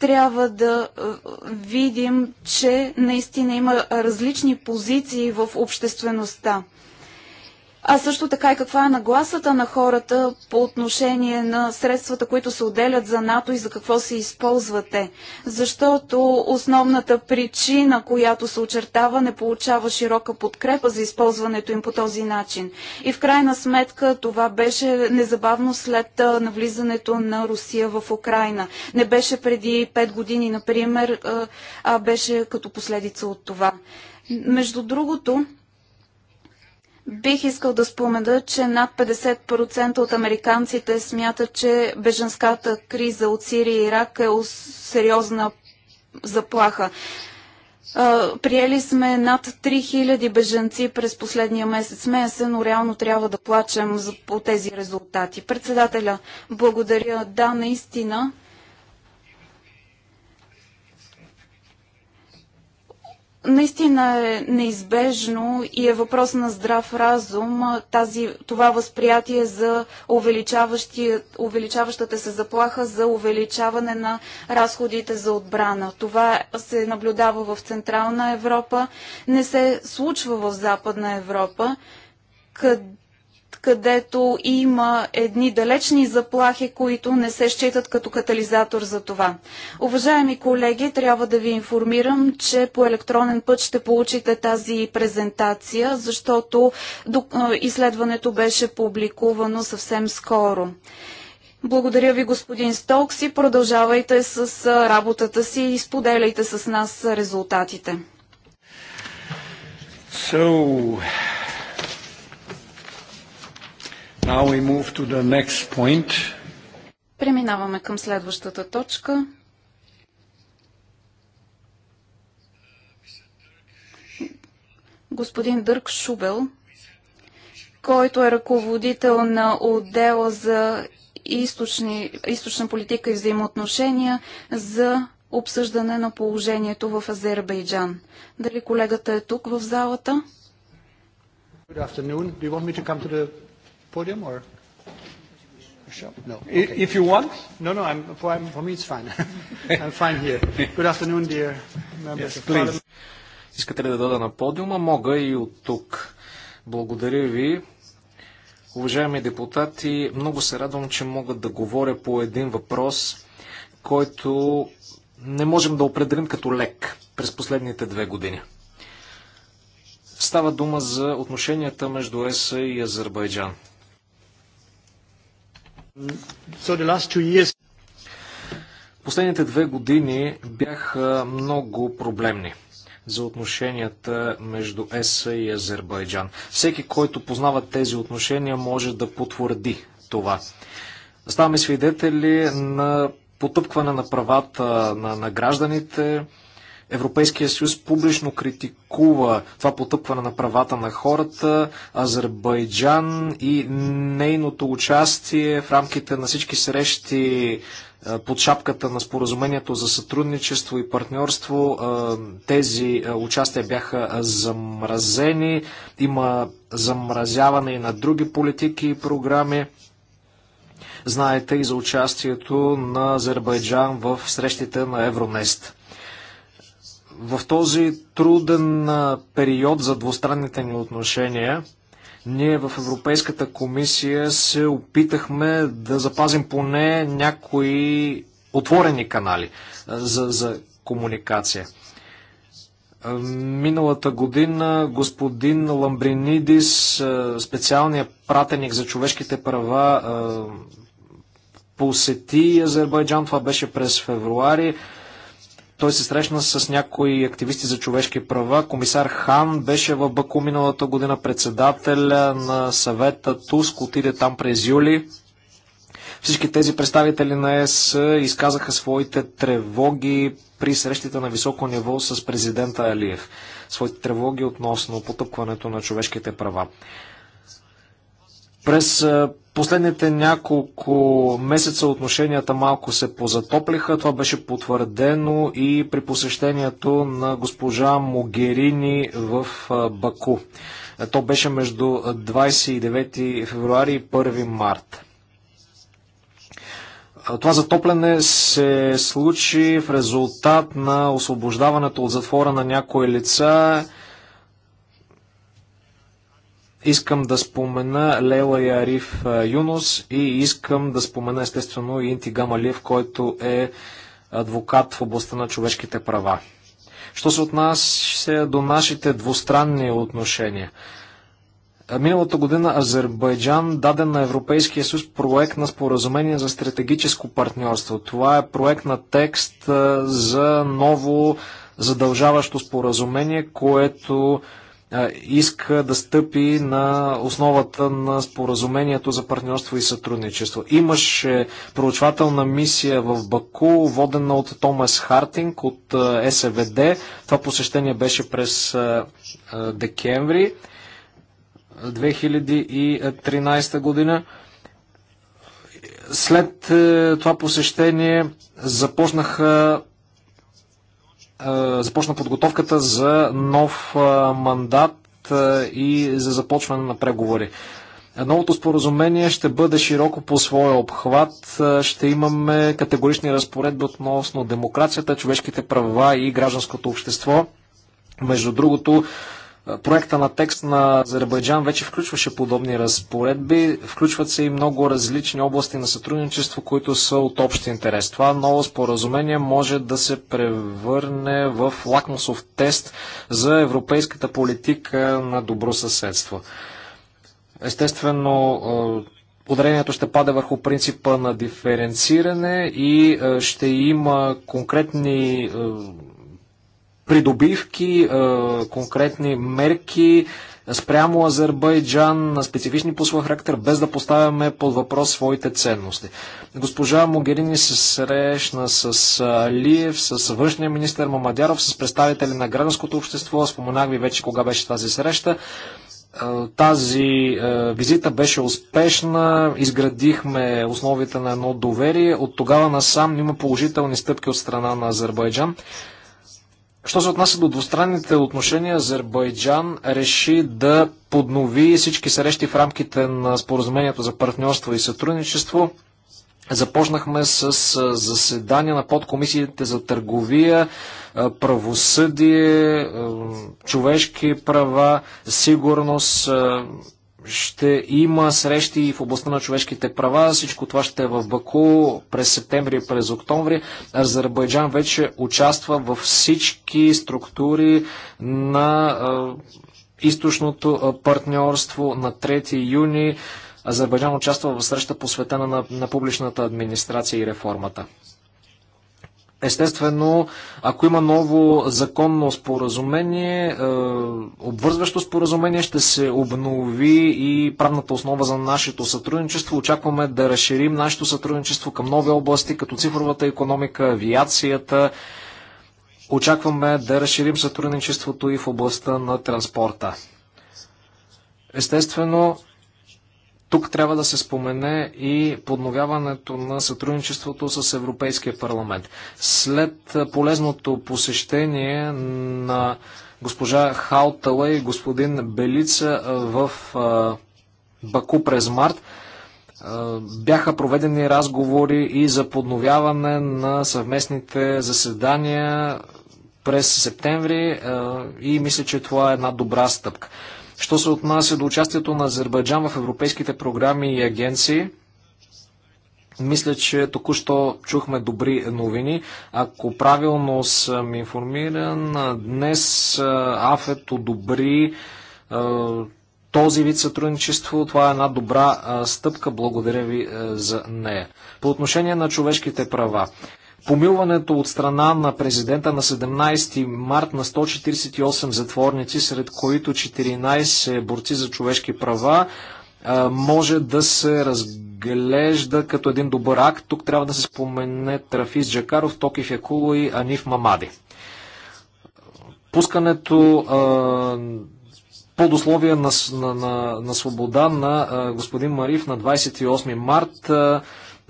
трябва да е, видим, че наистина има различни позиции в обществеността а също така и каква е нагласата на хората по отношение на средствата, които се отделят за НАТО и за какво се използвате. Защото основната причина, която се очертава, не получава широка подкрепа за използването им по този начин. И в крайна сметка това беше незабавно след навлизането на Русия в Украина. Не беше преди 5 години, например, а беше като последица от това. Между другото, Бих искал да спомена, че над 50% от американците смятат, че беженската криза от Сирия и Ирак е сериозна заплаха. Приели сме над 3000 беженци през последния месец. Смея се, но реално трябва да плачем по тези резултати. Председателя, благодаря. Да, наистина, наистина е неизбежно и е въпрос на здрав разум тази, това възприятие за увеличаващата се заплаха за увеличаване на разходите за отбрана. Това се наблюдава в Централна Европа, не се случва в Западна Европа, където където има едни далечни заплахи, които не се считат като катализатор за това. Уважаеми колеги, трябва да ви информирам, че по електронен път ще получите тази презентация, защото изследването беше публикувано съвсем скоро. Благодаря ви, господин Стокс, и продължавайте с работата си и споделяйте с нас резултатите. So, Now we move to the next point. Преминаваме към следващата точка. Господин Дърк Шубел, който е ръководител на отдела за източни, източна политика и взаимоотношения за обсъждане на положението в Азербайджан. Дали колегата е тук в залата? Good afternoon. Do you want me to come to the podium or? No. If you want. No, no. for, me, it's fine. I'm fine here. Good afternoon, dear members. Yes, please. Искате ли да дойда на подиума? Мога и от тук. Благодаря ви. Уважаеми депутати, много се радвам, че мога да говоря по един въпрос, който не можем да определим като лек през последните две години. Става дума за отношенията между ЕСА и Азербайджан. Последните две години бяха много проблемни за отношенията между ЕС и Азербайджан. Всеки, който познава тези отношения, може да потвърди това. Ставаме свидетели на потъпкване на правата на, на гражданите, Европейския съюз публично критикува това потъпване на правата на хората, Азербайджан и нейното участие в рамките на всички срещи е, под шапката на споразумението за сътрудничество и партньорство е, тези е, участия бяха замразени. Има замразяване и на други политики и програми. Знаете и за участието на Азербайджан в срещите на Евронест. В този труден период за двустранните ни отношения, ние в Европейската комисия се опитахме да запазим поне някои отворени канали за, за комуникация. Миналата година господин Ламбринидис, специалният пратеник за човешките права, посети Азербайджан. Това беше през февруари. Той се срещна с някои активисти за човешки права. Комисар Хан беше в Баку миналата година председателя на съвета Туск. Отиде там през юли. Всички тези представители на ЕС изказаха своите тревоги при срещите на високо ниво с президента Алиев. Своите тревоги относно потъпкването на човешките права. През Последните няколко месеца отношенията малко се позатоплиха. Това беше потвърдено и при посещението на госпожа Могерини в Баку. То беше между 29 февруари и 1 март. Това затопляне се случи в резултат на освобождаването от затвора на някои лица Искам да спомена Лела и Ариф Юнос и искам да спомена естествено и Инти Гамалиев, който е адвокат в областта на човешките права. Що се отнася до нашите двустранни отношения? Миналата година Азербайджан даде на Европейския съюз проект на споразумение за стратегическо партньорство. Това е проект на текст за ново задължаващо споразумение, което иска да стъпи на основата на споразумението за партньорство и сътрудничество. Имаше проучвателна мисия в Баку, водена от Томас Хартинг от СВД. Това посещение беше през декември 2013 година. След е, това посещение започнаха е, започна подготовката за нов е, мандат е, и за започване на преговори. Новото споразумение ще бъде широко по своя обхват. Ще имаме категорични разпоредби относно демокрацията, човешките права и гражданското общество. Между другото, Проекта на текст на Азербайджан вече включваше подобни разпоредби. Включват се и много различни области на сътрудничество, които са от общ интерес. Това ново споразумение може да се превърне в лакмусов тест за европейската политика на добро съседство. Естествено, Ударението ще паде върху принципа на диференциране и ще има конкретни придобивки, конкретни мерки спрямо Азербайджан на специфични по своя характер, без да поставяме под въпрос своите ценности. Госпожа Могерини се срещна с Алиев, с външния министр Мамадяров, с представители на гражданското общество. Споменах ви вече кога беше тази среща. Тази визита беше успешна, изградихме основите на едно доверие. От тогава насам има положителни стъпки от страна на Азербайджан. Що се отнася до двустранните отношения, Азербайджан реши да поднови всички срещи в рамките на споразумението за партньорство и сътрудничество. Започнахме с заседания на подкомисиите за търговия, правосъдие, човешки права, сигурност, ще има срещи в областта на човешките права. Всичко това ще е в Баку през септември и през октомври. Азербайджан вече участва във всички структури на източното партньорство на 3 юни. Азербайджан участва в среща посветена на, на публичната администрация и реформата. Естествено, ако има ново законно споразумение, е, обвързващо споразумение, ще се обнови и правната основа за нашето сътрудничество. Очакваме да разширим нашето сътрудничество към нови области, като цифровата економика, авиацията. Очакваме да разширим сътрудничеството и в областта на транспорта. Естествено, тук трябва да се спомене и подновяването на сътрудничеството с Европейския парламент. След полезното посещение на госпожа Халтала и господин Белица в Баку през март, бяха проведени разговори и за подновяване на съвместните заседания през септември и мисля, че това е една добра стъпка. Що се отнася до участието на Азербайджан в европейските програми и агенции, мисля, че току-що чухме добри новини. Ако правилно съм информиран, днес АФЕТ одобри този вид сътрудничество. Това е една добра стъпка. Благодаря ви за нея. По отношение на човешките права. Помилването от страна на президента на 17 март на 148 затворници, сред които 14 борци за човешки права, може да се разглежда като един добър акт. Тук трябва да се спомене Трафис Джакаров, Токи Якуло и Аниф Мамади. Пускането под условие на, на, на, на свобода на господин Мариф на 28 март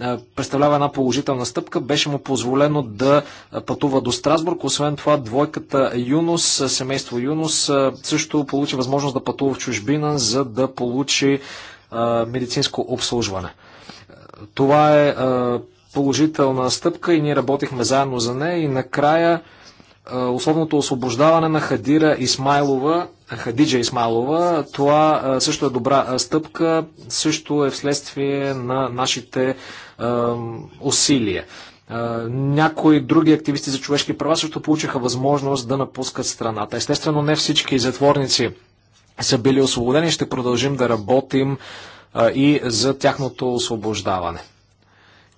е, представлява една положителна стъпка. Беше му позволено да е, пътува до Страсбург. Освен това, двойката Юнос, е, семейство Юнос, също получи възможност да пътува в чужбина, за да получи медицинско обслужване. Това е положителна стъпка и ние работихме заедно за нея и накрая Основното освобождаване на Хадира Исмайлова, Хадиджа Исмайлова, това също е добра стъпка, също е вследствие на нашите усилия. Някои други активисти за човешки права също получиха възможност да напускат страната. Естествено, не всички затворници са били освободени. Ще продължим да работим и за тяхното освобождаване.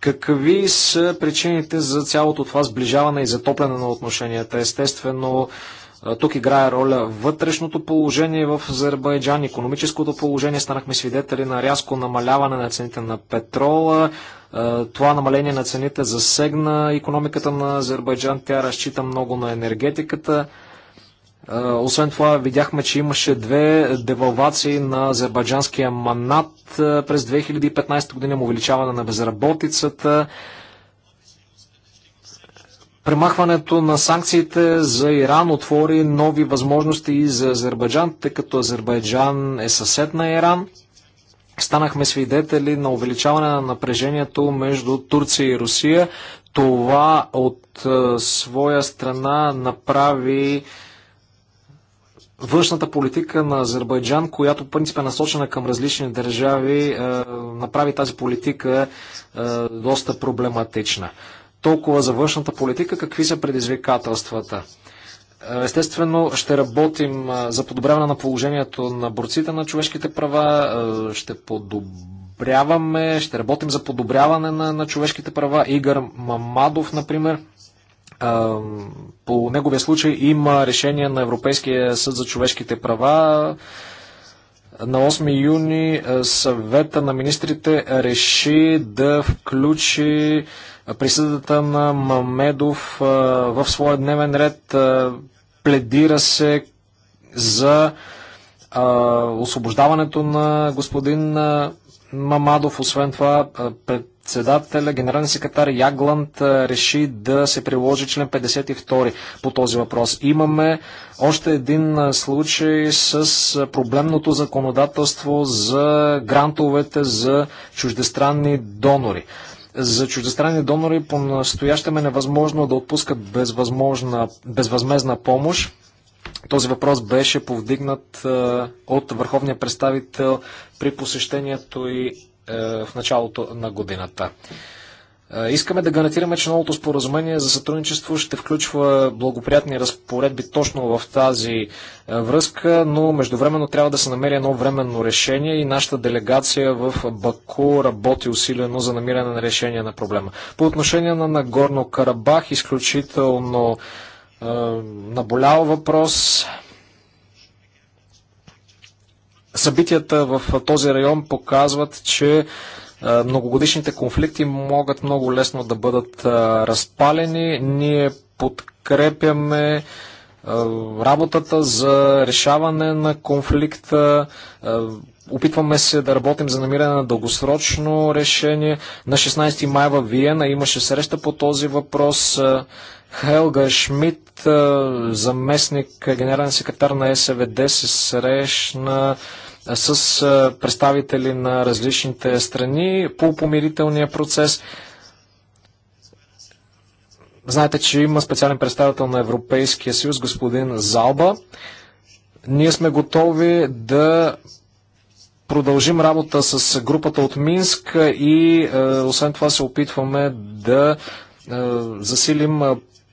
Какви са причините за цялото това сближаване и затопляне на отношенията? Естествено, тук играе роля вътрешното положение в Азербайджан, економическото положение. Станахме свидетели на рязко намаляване на цените на петрола. Това намаление на цените засегна економиката на Азербайджан. Тя разчита много на енергетиката. Освен това, видяхме, че имаше две девалвации на азербайджанския манат през 2015 година, увеличаване на безработицата, Премахването на санкциите за Иран отвори нови възможности и за Азербайджан, тъй като Азербайджан е съсед на Иран. Станахме свидетели на увеличаване на напрежението между Турция и Русия. Това от своя страна направи външната политика на Азербайджан, която принцип е насочена към различни държави, е, направи тази политика е, доста проблематична. Толкова за външната политика, какви са предизвикателствата? Естествено, ще работим е, за подобряване на положението на борците на човешките права, е, ще подобряваме, ще работим за подобряване на, на човешките права. Игър Мамадов, например, по неговия случай има решение на Европейския съд за човешките права. На 8 юни съвета на министрите реши да включи присъдата на Мамедов в своя дневен ред. Пледира се за освобождаването на господин Мамадов. Освен това, пред председателя, генерален секретар Ягланд реши да се приложи член 52 по този въпрос. Имаме още един случай с проблемното законодателство за грантовете за чуждестранни донори. За чуждестранни донори по-настоящем е невъзможно да отпускат безвъзмезна помощ. Този въпрос беше повдигнат от върховния представител при посещението и е, в началото на годината. Е, искаме да гарантираме, че новото споразумение за сътрудничество ще включва благоприятни разпоредби точно в тази е, връзка, но междувременно трябва да се намери едно временно решение и нашата делегация в Баку работи усилено за намиране на решение на проблема. По отношение на Нагорно Карабах, изключително е, наболял въпрос събитията в този район показват, че многогодишните конфликти могат много лесно да бъдат разпалени. Ние подкрепяме работата за решаване на конфликта, опитваме се да работим за намиране на дългосрочно решение. На 16 май в Виена имаше среща по този въпрос. Хелга Шмидт, заместник генерален секретар на СВД, се срещна с представители на различните страни по помирителния процес. Знаете, че има специален представител на Европейския съюз, господин Залба. Ние сме готови да продължим работа с групата от Минск и освен това се опитваме да засилим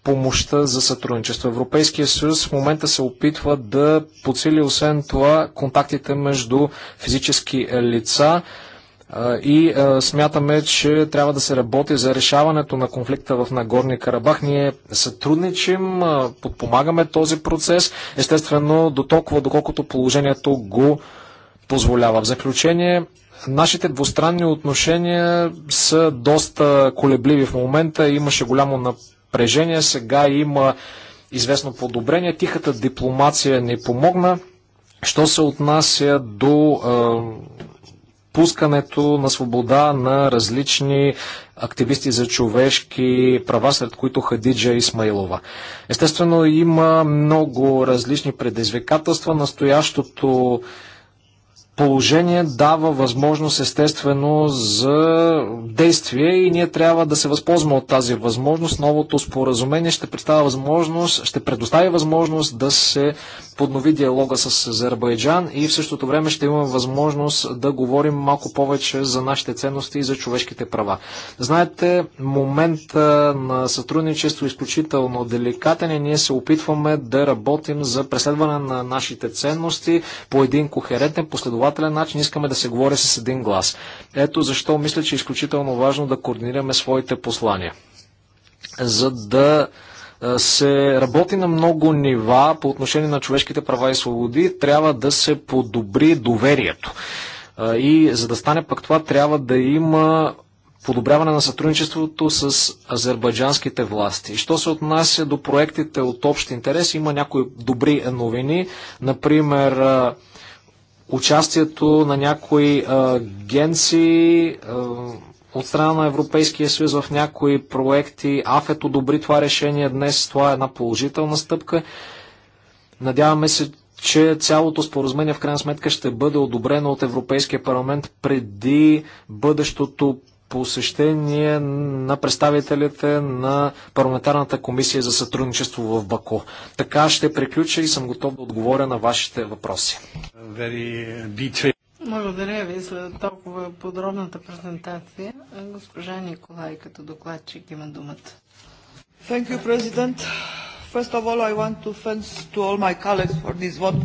помощта за сътрудничество. Европейския съюз в момента се опитва да подсили освен това контактите между физически лица и смятаме, че трябва да се работи за решаването на конфликта в Нагорни Карабах. Ние сътрудничим, подпомагаме този процес, естествено до толкова, доколкото положението го позволява. В заключение, Нашите двустранни отношения са доста колебливи в момента. Имаше голямо напрежение. Сега има известно подобрение. Тихата дипломация ни помогна. Що се отнася до е, пускането на свобода на различни активисти за човешки права, след които Хадиджа Исмаилова. Естествено, има много различни предизвикателства. Настоящото положение дава възможност естествено за действие и ние трябва да се възползваме от тази възможност. Новото споразумение ще представя възможност, ще предостави възможност да се поднови диалога с Азербайджан и в същото време ще имаме възможност да говорим малко повече за нашите ценности и за човешките права. Знаете, момента на сътрудничество е изключително деликатен и ние се опитваме да работим за преследване на нашите ценности по един кохерентен, последователен последователен начин, искаме да се говори с един глас. Ето защо мисля, че е изключително важно да координираме своите послания. За да се работи на много нива по отношение на човешките права и свободи, трябва да се подобри доверието. И за да стане пък това, трябва да има подобряване на сътрудничеството с азербайджанските власти. Що се отнася до проектите от общ интерес, има някои добри новини, например участието на някои агенции от страна на Европейския съюз в някои проекти. АФЕТ одобри това решение днес. Това е една положителна стъпка. Надяваме се, че цялото споразумение в крайна сметка ще бъде одобрено от Европейския парламент преди бъдещото посещение на представителите на Парламентарната комисия за сътрудничество в Баку. Така ще приключа и съм готов да отговоря на вашите въпроси. Uh, Благодаря ви за толкова подробната презентация. Госпожа Николай като докладчик има думата. Thank you, President. First of all, I want to thanks to all my colleagues for this vote,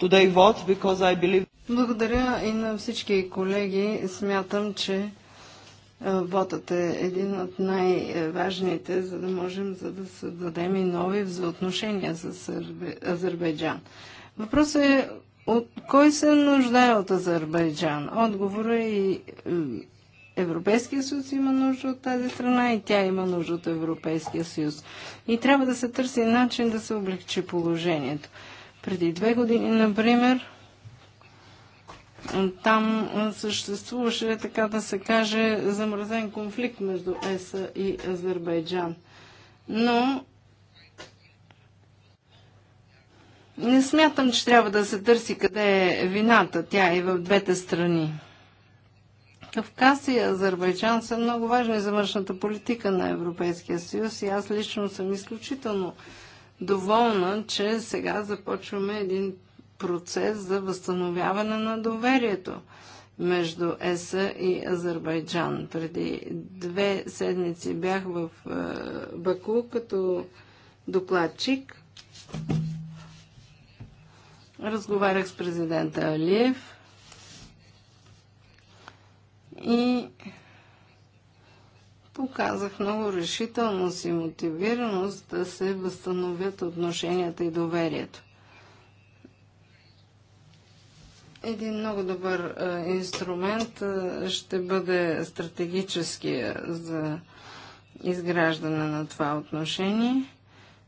today vote, because I believe... Благодаря и на всички колеги. Смятам, че Вотът е един от най-важните, за да можем за да създадем и нови взаимоотношения с Азербайджан. Въпросът е от кой се нуждае от Азербайджан? Отговорът е и е, Европейския съюз има нужда от тази страна и тя има нужда от Европейския съюз. И трябва да се търси начин да се облегчи положението. Преди две години, например, там съществуваше, така да се каже, замразен конфликт между ЕСА и Азербайджан. Но не смятам, че трябва да се търси къде е вината. Тя е в двете страни. Кавказ и Азербайджан са много важни за външната политика на Европейския съюз и аз лично съм изключително доволна, че сега започваме един процес за възстановяване на доверието между ЕС и Азербайджан. Преди две седмици бях в е, Баку като докладчик. Разговарях с президента Алиев и показах много решителност и мотивираност да се възстановят отношенията и доверието. Един много добър е, инструмент е, ще бъде стратегическия за изграждане на това отношение.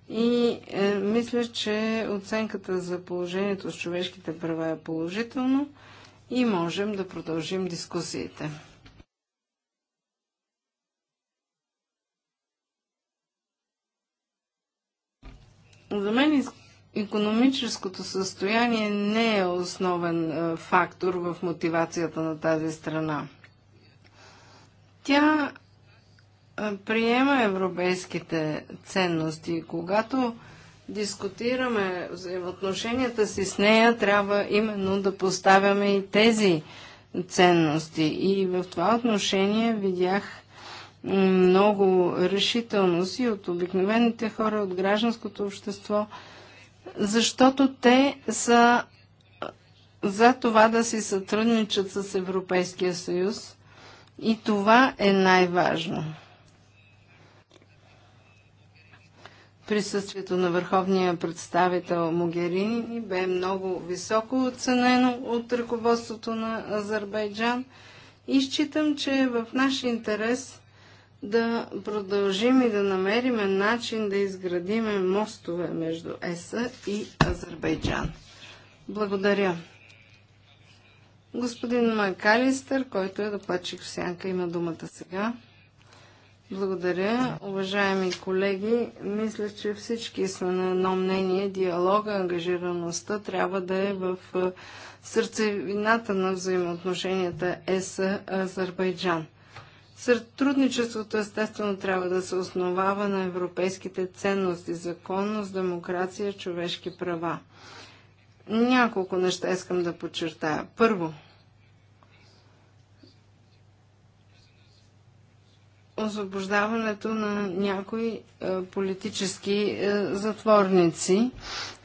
И е, мисля, че оценката за положението с човешките права е положително и можем да продължим дискусиите. За мен економическото състояние не е основен е, фактор в мотивацията на тази страна. Тя е, приема европейските ценности. Когато дискутираме взаимоотношенията си с нея, трябва именно да поставяме и тези ценности. И в това отношение видях много решителност и от обикновените хора, от гражданското общество – защото те са за това да си сътрудничат с Европейския съюз и това е най-важно. Присъствието на върховния представител Могерини бе много високо оценено от ръководството на Азербайджан и считам, че е в наш интерес да продължим и да намерим начин да изградим мостове между ЕСА и Азербайджан. Благодаря. Господин Макалистър, който е докладчик в сянка, има думата сега. Благодаря. Уважаеми колеги, мисля, че всички сме на едно мнение. Диалога, ангажираността трябва да е в сърцевината на взаимоотношенията ЕС-Азербайджан. Сътрудничеството естествено трябва да се основава на европейските ценности, законност, демокрация, човешки права. Няколко неща искам да подчертая. Първо, освобождаването на някои е, политически е, затворници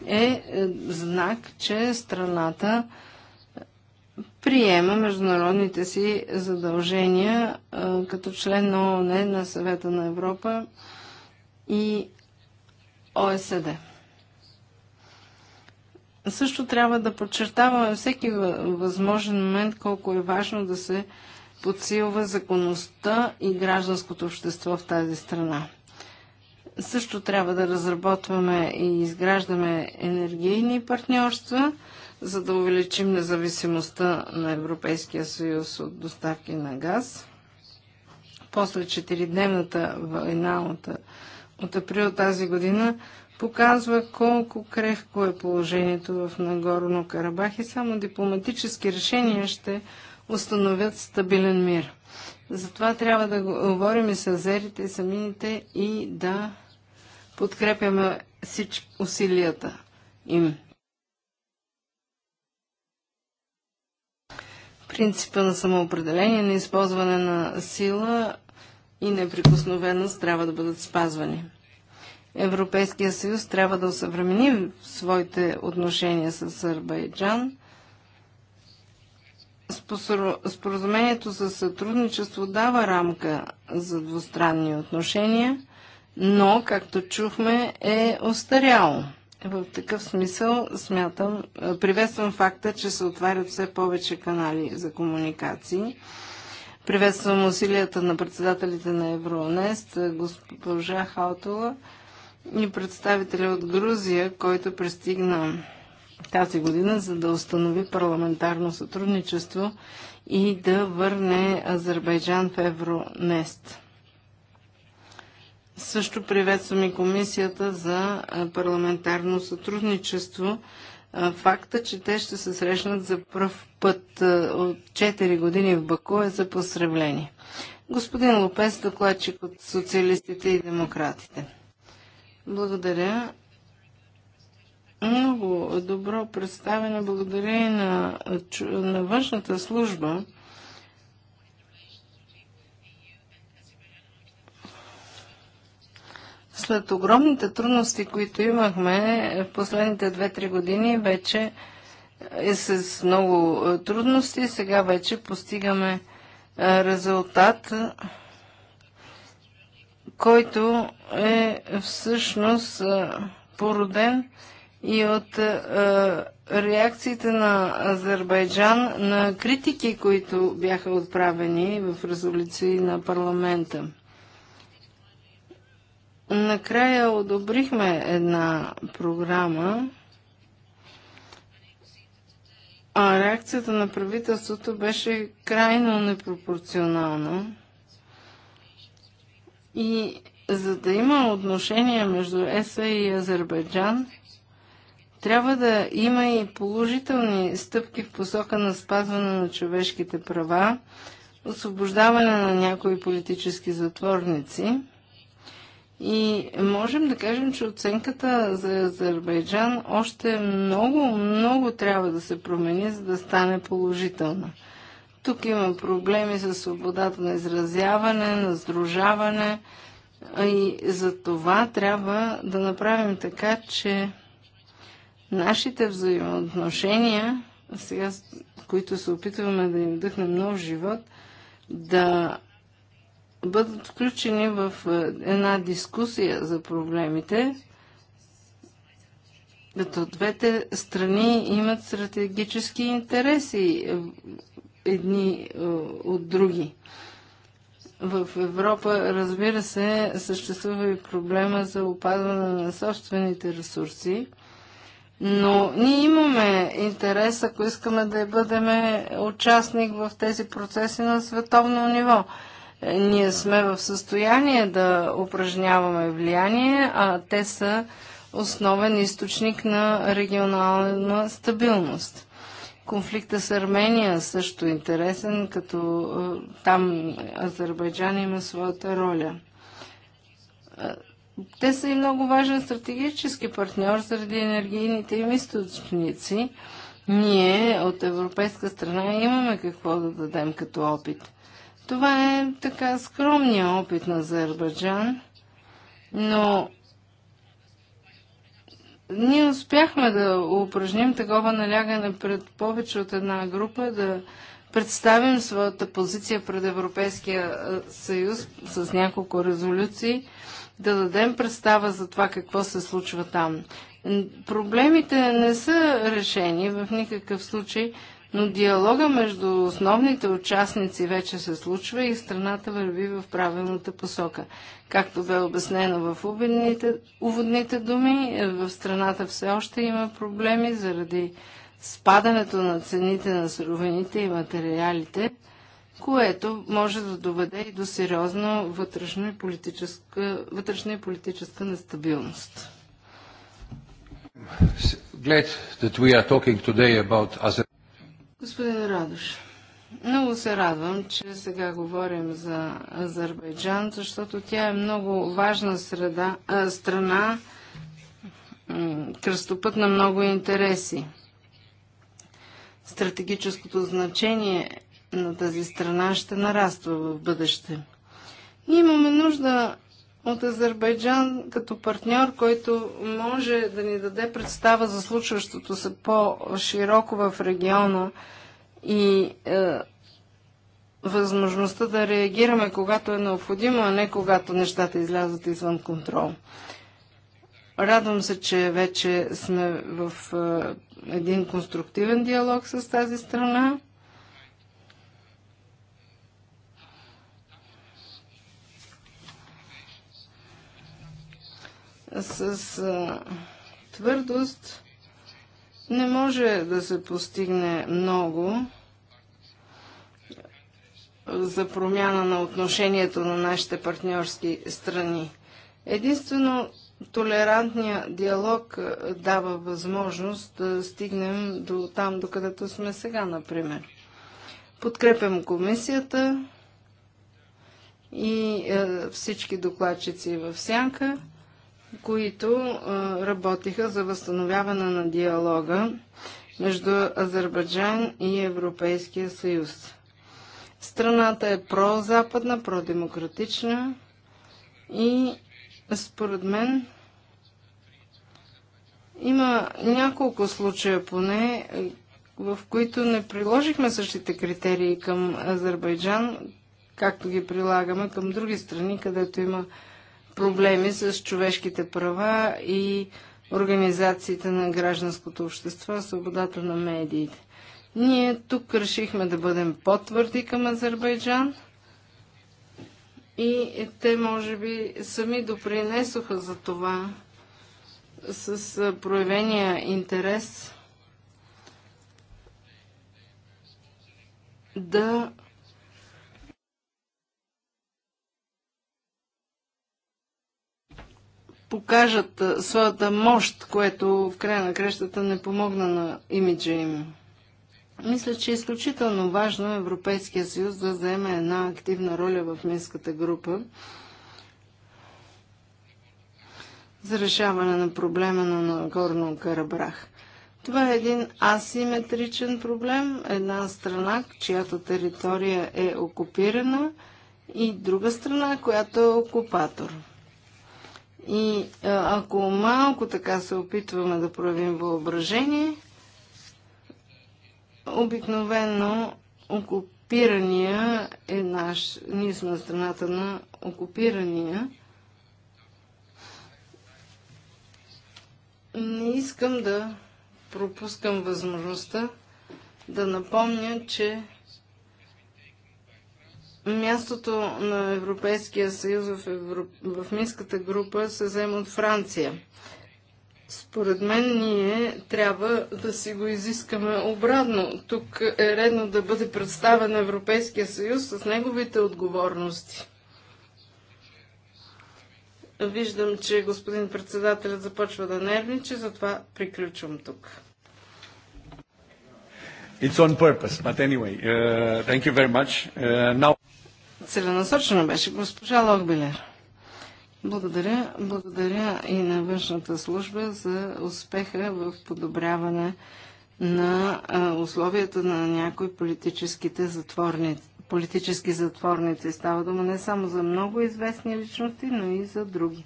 е, е знак, че страната приема международните си задължения като член на ООН на Съвета на Европа и ОСД. Също трябва да подчертаваме всеки възможен момент колко е важно да се подсилва законността и гражданското общество в тази страна. Също трябва да разработваме и изграждаме енергийни партньорства – за да увеличим независимостта на Европейския съюз от доставки на газ. После четиридневната война от, от април тази година показва колко крехко е положението в Нагорно Карабах и само дипломатически решения ще установят стабилен мир. Затова трябва да говорим и с азерите, и самините и да подкрепяме всички усилията им. принципа на самоопределение, на използване на сила и неприкосновеност трябва да бъдат спазвани. Европейския съюз трябва да осъвремени своите отношения с Азербайджан. Споразумението за сътрудничество дава рамка за двустранни отношения, но, както чухме, е остаряло. В такъв смисъл смятам, е, приветствам факта, че се отварят все повече канали за комуникации. Приветствам усилията на председателите на Евронест, е, госпожа Халтова, и представителя от Грузия, който пристигна тази година, за да установи парламентарно сътрудничество и да върне Азербайджан в Евронест. Също приветствам и Комисията за парламентарно сътрудничество. Факта, че те ще се срещнат за пръв път от 4 години в Баку е за посребление. Господин Лопес, докладчик от социалистите и демократите. Благодаря. Много добро представяне. Благодаря и на, на външната служба След огромните трудности, които имахме в е, последните 2-3 години, вече е с много е, трудности, сега вече постигаме е, резултат, който е всъщност породен и от реакциите на Азербайджан на критики, които бяха отправени в резолюции на парламента накрая одобрихме една програма, а реакцията на правителството беше крайно непропорционална. И за да има отношения между ЕСА и Азербайджан, трябва да има и положителни стъпки в посока на спазване на човешките права, освобождаване на някои политически затворници – и можем да кажем, че оценката за Азербайджан още много, много трябва да се промени, за да стане положителна. Тук има проблеми с свободата на изразяване, на сдружаване и за това трябва да направим така, че нашите взаимоотношения, сега, които се опитваме да им вдъхнем нов живот, да бъдат включени в е, една дискусия за проблемите, като двете страни имат стратегически интереси е, едни е, от други. В Европа, разбира се, съществува и проблема за опазване на собствените ресурси, но ние имаме интерес, ако искаме да бъдем участник в тези процеси на световно ниво – ние сме в състояние да упражняваме влияние, а те са основен източник на регионална стабилност. Конфликта с Армения е също е интересен, като е, там Азербайджан има своята роля. Е, те са и много важен стратегически партньор заради енергийните им източници. Ние от европейска страна имаме какво да дадем като опит. Това е така скромния опит на Азербайджан, но ние успяхме да упражним такова налягане пред повече от една група, да представим своята позиция пред Европейския съюз с няколко резолюции, да дадем представа за това какво се случва там. Проблемите не са решени в никакъв случай, но диалога между основните участници вече се случва и страната върви в правилната посока. Както бе обяснено в уводните, думи, е, в страната все още има проблеми заради спадането на цените на суровините и материалите, което може да доведе и до сериозна вътрешна и политическа, вътрешна и политическа нестабилност. Glad that we are talking today about Радош. Много се радвам, че сега говорим за Азербайджан, защото тя е много важна среда, а, страна, кръстопът на много интереси. Стратегическото значение на тази страна ще нараства в бъдеще. Ние имаме нужда от Азербайджан като партньор, който може да ни даде представа за случващото се по-широко в региона и е, възможността да реагираме когато е необходимо, а не когато нещата излязат извън контрол. Радвам се, че вече сме в е, един конструктивен диалог с тази страна. С е, твърдост не може да се постигне много за промяна на отношението на нашите партньорски страни. Единствено толерантния диалог дава възможност да стигнем до там, докъдето сме сега, например. Подкрепям комисията и всички докладчици в сянка които работиха за възстановяване на диалога между Азербайджан и Европейския съюз. Страната е прозападна, продемократична и според мен има няколко случая поне, в които не приложихме същите критерии към Азербайджан, както ги прилагаме към други страни, където има проблеми с човешките права и организациите на гражданското общество, свободата на медиите. Ние тук решихме да бъдем по-твърди към Азербайджан и те може би сами допринесоха за това с проявения интерес да покажат своята мощ, което в края на крещата не помогна на имиджа им. Мисля, че е изключително важно Европейския съюз да заеме една активна роля в Минската група за решаване на проблема на Нагорно Карабрах. Това е един асиметричен проблем, една страна, чиято територия е окупирана и друга страна, която е окупатор. И ако малко така се опитваме да проявим въображение, обикновено окупирания е наш. Ние сме на страната на окупирания. Не искам да пропускам възможността да напомня, че Мястото на Европейския съюз в, Европ... в Минската група се взема от Франция. Според мен ние трябва да си го изискаме обратно. Тук е редно да бъде представен Европейския съюз с неговите отговорности. Виждам, че господин председателят започва да нервничи, затова приключвам тук. It's on purpose, but anyway, uh, thank you very much. Uh, now целенасочено беше госпожа Логбилер. Благодаря. Благодаря и на външната служба за успеха в подобряване на условията на някои политическите затворни, Политически затворници. Става дума не само за много известни личности, но и за други.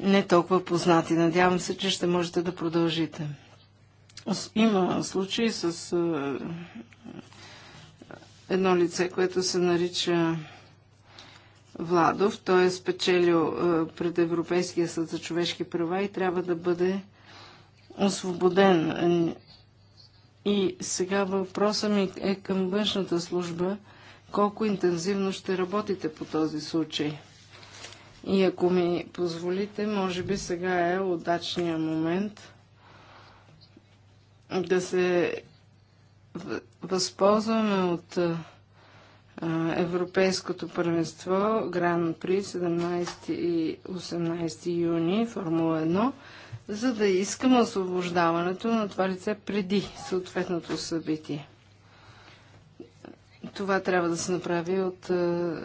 Не толкова познати. Надявам се, че ще можете да продължите. Има случаи с едно лице, което се нарича Владов. Той е спечелил пред Европейския съд за човешки права и трябва да бъде освободен. И сега въпросът ми е към външната служба. Колко интензивно ще работите по този случай? И ако ми позволите, може би сега е удачния момент – да се възползваме от Европейското първенство Гран При 17 и 18 юни Формула 1, за да искаме освобождаването на това лице преди съответното събитие. Това трябва да се направи от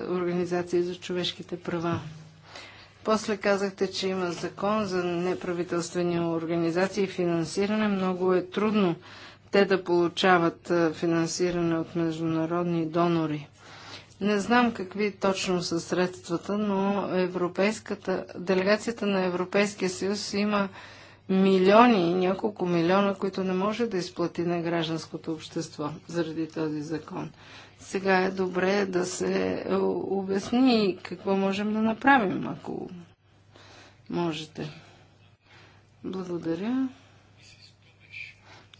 Организация за човешките права. После казахте, че има закон за неправителствени организации и финансиране. Много е трудно те да получават финансиране от международни донори. Не знам какви точно са средствата, но европейската, делегацията на Европейския съюз има милиони, няколко милиона, които не може да изплати на гражданското общество заради този закон. Сега е добре да се е, обясни какво можем да направим, ако можете. Благодаря.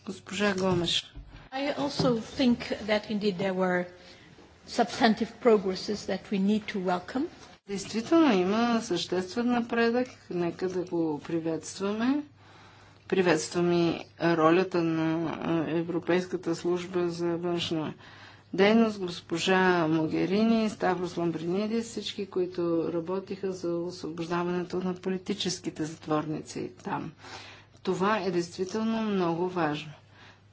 Госпожа Гомеш. I also think that indeed there were substantive progresses that we need to welcome. Действително има съществен напредък. Нека да го приветстваме. Приветствам и ролята на е, Европейската служба за външна дейност, госпожа Могерини, Ставрос Ламбринидис, всички, които работиха за освобождаването на политическите затворници там. Това е действително много важно.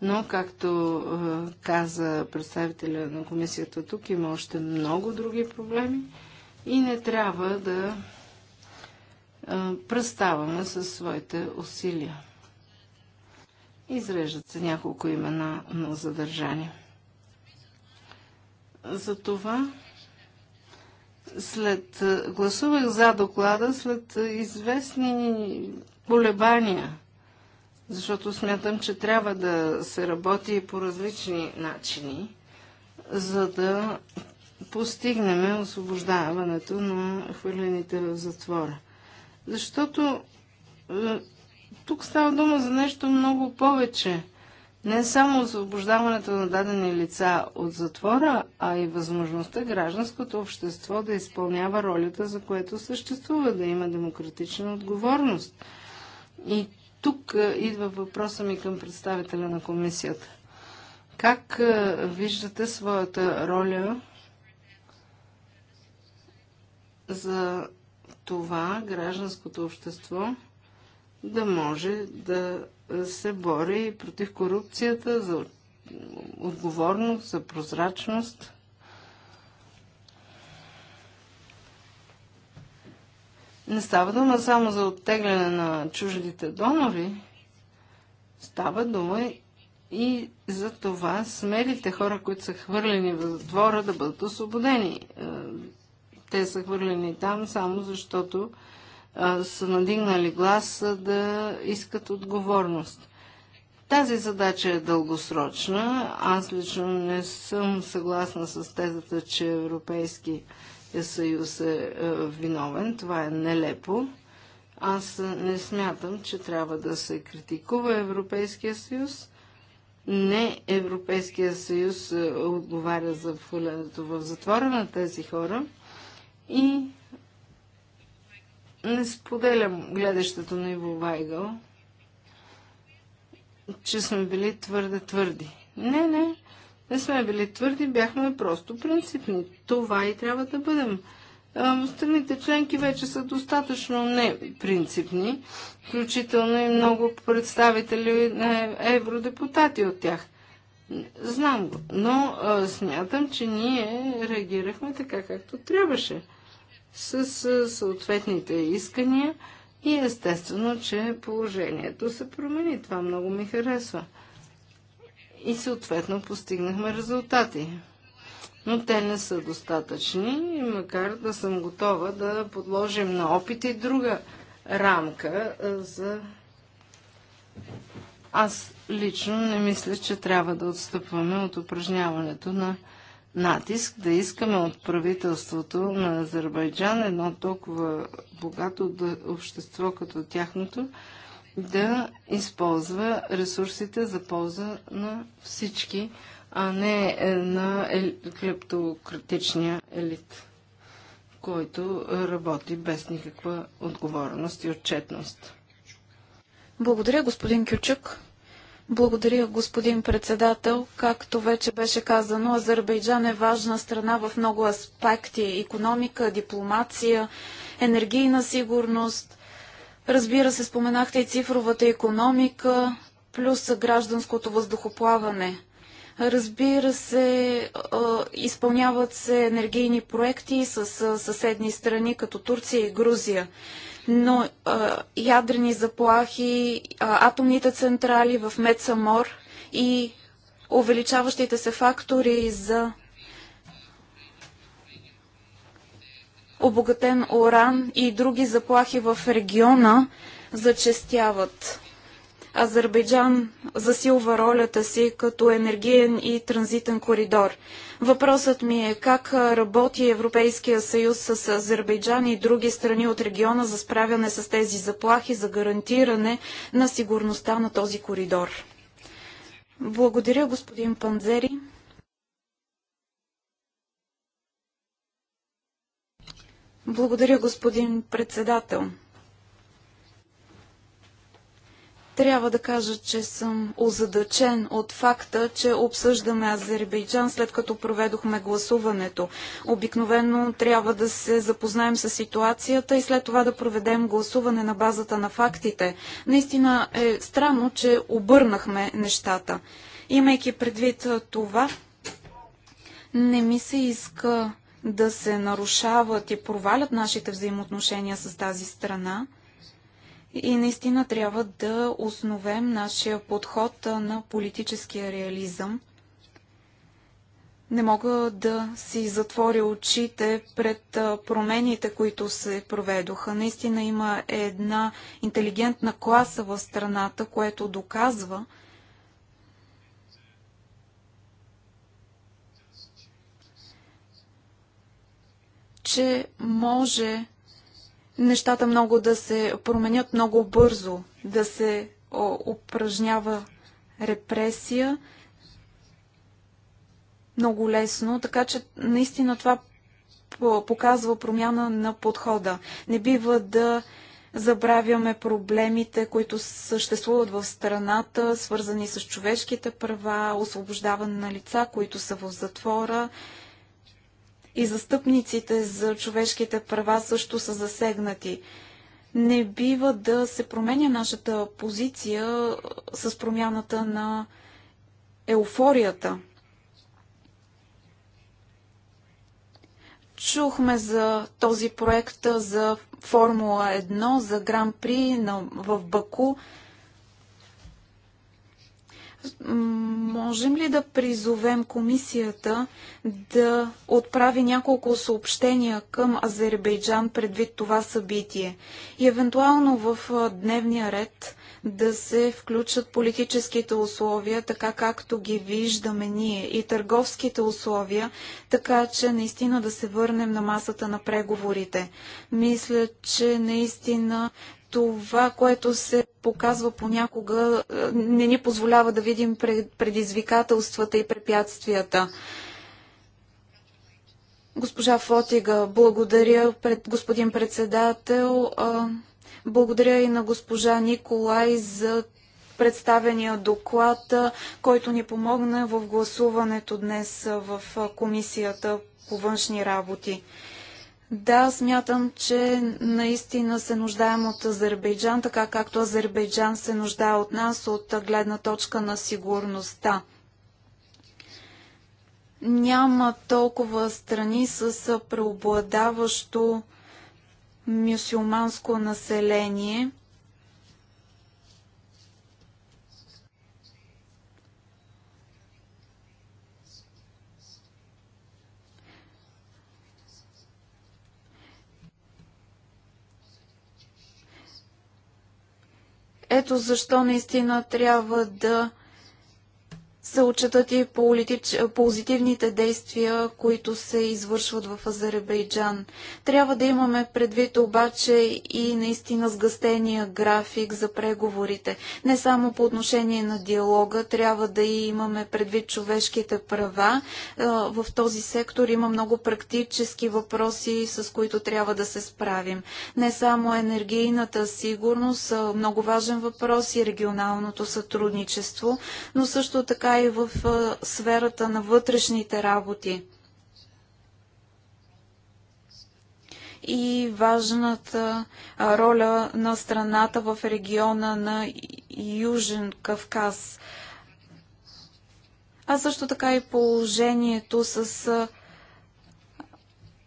Но, както е, каза представителя на комисията тук, има още много други проблеми и не трябва да е, пръставаме със своите усилия. Изреждат се няколко имена на задържания. За това, след гласувах за доклада след известни колебания, защото смятам, че трябва да се работи по различни начини, за да постигнем освобождаването на хвърлените в затвора. Защото тук става дума за нещо много повече – не само освобождаването на дадени лица от затвора, а и възможността гражданското общество да изпълнява ролята, за което съществува, да има демократична отговорност. И тук е, идва въпроса ми към представителя на комисията. Как е, виждате своята роля за това гражданското общество да може да се бори против корупцията, за отговорност, за прозрачност. Не става дума само за оттегляне на чуждите донори, става дума и за това смелите хора, които са хвърлени в затвора, да бъдат освободени. Е, те са хвърлени там само защото са надигнали глас да искат отговорност. Тази задача е дългосрочна. Аз лично не съм съгласна с тезата, че Европейски съюз е, е виновен. Това е нелепо. Аз не смятам, че трябва да се критикува Европейския съюз. Не Европейския съюз е, отговаря за хвърлянето в затвора на тези хора. И не споделям гледащото на Иво Вайгъл, че сме били твърде твърди. Не, не, не сме били твърди, бяхме просто принципни. Това и трябва да бъдем. Страните членки вече са достатъчно непринципни, включително и много представители на евродепутати от тях. Знам го, но а, смятам, че ние реагирахме така, както трябваше с съответните искания и естествено, че положението се промени. Това много ми харесва. И съответно постигнахме резултати. Но те не са достатъчни макар да съм готова да подложим на опит и друга рамка за... Аз лично не мисля, че трябва да отстъпваме от упражняването на натиск да искаме от правителството на Азербайджан едно толкова богато общество като тяхното да използва ресурсите за полза на всички, а не е, на клептократичния елит, който работи без никаква отговорност и отчетност. Благодаря, господин Кючук. Благодаря, господин председател. Както вече беше казано, Азербайджан е важна страна в много аспекти – економика, дипломация, енергийна сигурност. Разбира се, споменахте и цифровата економика, плюс гражданското въздухоплаване. Разбира се, изпълняват се енергийни проекти с съседни страни, като Турция и Грузия но а, ядрени заплахи, а, атомните централи в Мецамор и увеличаващите се фактори за обогатен уран и други заплахи в региона зачестяват. Азербайджан засилва ролята си като енергиен и транзитен коридор. Въпросът ми е как работи Европейския съюз с Азербайджан и други страни от региона за справяне с тези заплахи, за гарантиране на сигурността на този коридор. Благодаря, господин Панзери. Благодаря, господин председател. Трябва да кажа, че съм озадачен от факта, че обсъждаме Азербайджан след като проведохме гласуването. Обикновено трябва да се запознаем с ситуацията и след това да проведем гласуване на базата на фактите. Наистина е странно, че обърнахме нещата. Имайки предвид това, не ми се иска да се нарушават и провалят нашите взаимоотношения с тази страна. И наистина трябва да основем нашия подход на политическия реализъм. Не мога да си затворя очите пред промените, които се проведоха. Наистина има една интелигентна класа в страната, което доказва, че може нещата много да се променят много бързо, да се упражнява репресия много лесно, така че наистина това показва промяна на подхода. Не бива да забравяме проблемите, които съществуват в страната, свързани с човешките права, освобождаване на лица, които са в затвора, и застъпниците за човешките права също са засегнати. Не бива да се променя нашата позиция с промяната на еуфорията. Чухме за този проект за Формула 1, за Гран-при в Баку. Можем ли да призовем комисията да отправи няколко съобщения към Азербайджан предвид това събитие и евентуално в дневния ред да се включат политическите условия, така както ги виждаме ние, и търговските условия, така че наистина да се върнем на масата на преговорите. Мисля, че наистина това, което се показва понякога, е, не ни позволява да видим предизвикателствата и препятствията. Госпожа Фотига, благодаря пред господин председател. Благодаря и на госпожа Николай за представения доклад, който ни помогна в гласуването днес в Комисията по външни работи. Да, смятам, че наистина се нуждаем от Азербайджан, така както Азербайджан се нуждае от нас от гледна точка на сигурността. Няма толкова страни с преобладаващо мюсюлманско население Ето защо наистина трябва да се отчитат и политич... позитивните действия, които се извършват в Азербайджан. Трябва да имаме предвид обаче и наистина сгъстения график за преговорите. Не само по отношение на диалога, трябва да и имаме предвид човешките права. В този сектор има много практически въпроси, с които трябва да се справим. Не само енергийната сигурност, много важен въпрос и регионалното сътрудничество, но също така и в сферата на вътрешните работи. И важната роля на страната в региона на Южен Кавказ. А също така и положението с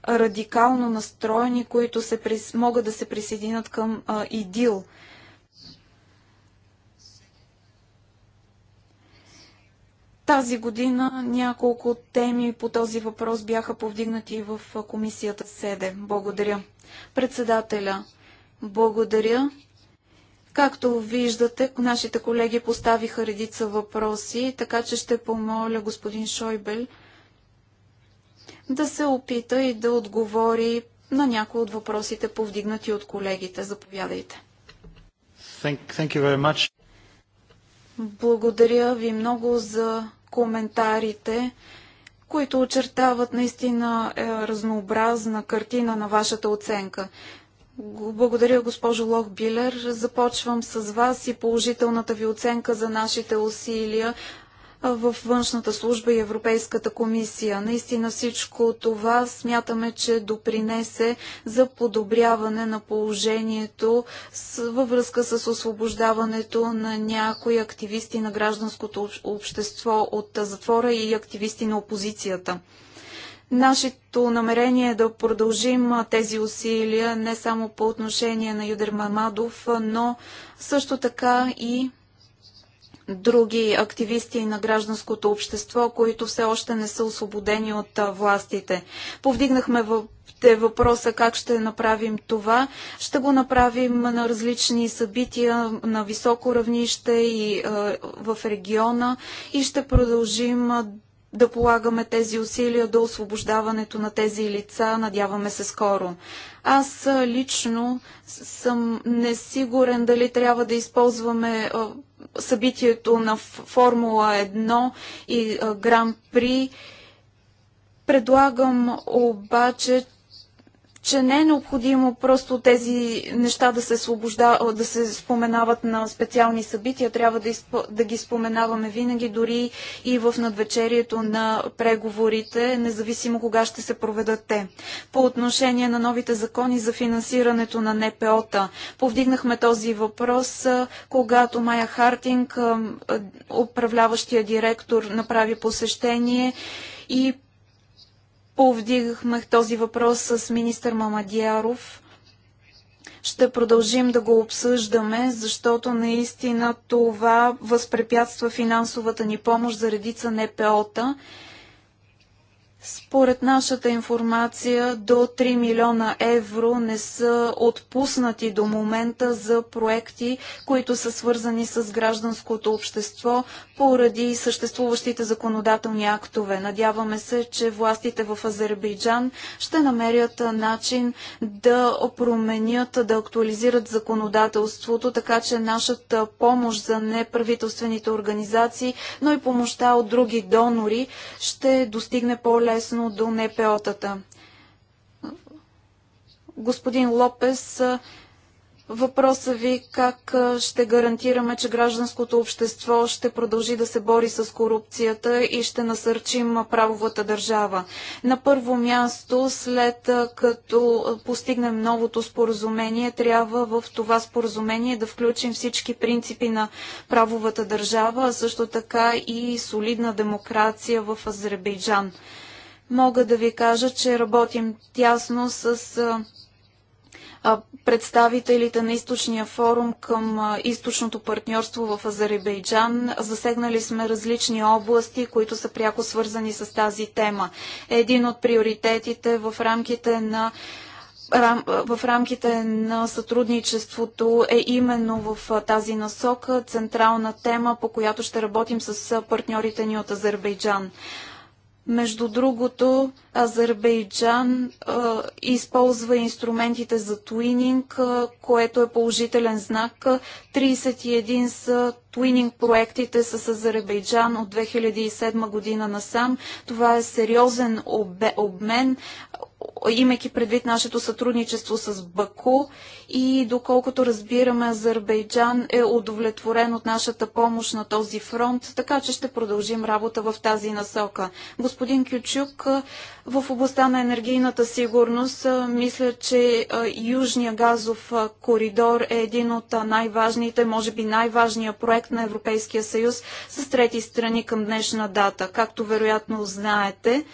радикално настроени, които се могат да се присъединят към ИДИЛ. Тази година няколко теми по този въпрос бяха повдигнати в комисията СЕДЕ. Благодаря. Председателя, благодаря. Както виждате, нашите колеги поставиха редица въпроси, така че ще помоля господин Шойбел да се опита и да отговори на някои от въпросите, повдигнати от колегите. Заповядайте. Thank, thank благодаря ви много за коментарите, които очертават наистина е, разнообразна картина на вашата оценка. Благодаря, госпожо Лох Билер. Започвам с вас и положителната ви оценка за нашите усилия в външната служба и Европейската комисия. Наистина всичко това смятаме, че допринесе за подобряване на положението във връзка с освобождаването на някои активисти на гражданското общество от затвора и активисти на опозицията. Нашето намерение е да продължим тези усилия не само по отношение на Юдер Мамадов, но също така и други активисти на гражданското общество, които все още не са освободени от властите. Повдигнахме въпроса въпроса как ще направим това. Ще го направим на различни събития на високо равнище и в региона и ще продължим да полагаме тези усилия до освобождаването на тези лица, надяваме се скоро. Аз лично съм несигурен дали трябва да използваме събитието на Формула 1 и Гран При. Предлагам обаче че не е необходимо просто тези неща да се, освобожда, да се споменават на специални събития. Трябва да, изп... да ги споменаваме винаги, дори и в надвечерието на преговорите, независимо кога ще се проведат те. По отношение на новите закони за финансирането на НПО-та, повдигнахме този въпрос, когато Майя Хартинг, управляващия директор, направи посещение и повдигахме този въпрос с министър Мамадяров. Ще продължим да го обсъждаме, защото наистина това възпрепятства финансовата ни помощ за редица НПО-та според нашата информация до 3 милиона евро не са отпуснати до момента за проекти, които са свързани с гражданското общество поради съществуващите законодателни актове. Надяваме се, че властите в Азербайджан ще намерят начин да променят, да актуализират законодателството, така че нашата помощ за неправителствените организации, но и помощта от други донори ще достигне по-лесно лесно до НПО-тата. Господин Лопес, въпроса ви как ще гарантираме, че гражданското общество ще продължи да се бори с корупцията и ще насърчим правовата държава. На първо място, след като постигнем новото споразумение, трябва в това споразумение да включим всички принципи на правовата държава, а също така и солидна демокрация в Азербайджан мога да ви кажа, че работим тясно с а, представителите на източния форум към а, източното партньорство в Азербайджан. Засегнали сме различни области, които са пряко свързани с тази тема. Един от приоритетите в рамките на в рамките на сътрудничеството е именно в тази насока централна тема, по която ще работим с партньорите ни от Азербайджан. Между другото, Азербайджан а, използва инструментите за туининг, а, което е положителен знак. 31 са туининг проектите с Азербайджан от 2007 година насам. Това е сериозен обе, обмен имайки предвид нашето сътрудничество с Баку и доколкото разбираме, Азербайджан е удовлетворен от нашата помощ на този фронт, така че ще продължим работа в тази насока. Господин Кючук, в областта на енергийната сигурност, мисля, че Южния газов коридор е един от най-важните, може би най важния проект на Европейския съюз с трети страни към днешна дата, както вероятно знаете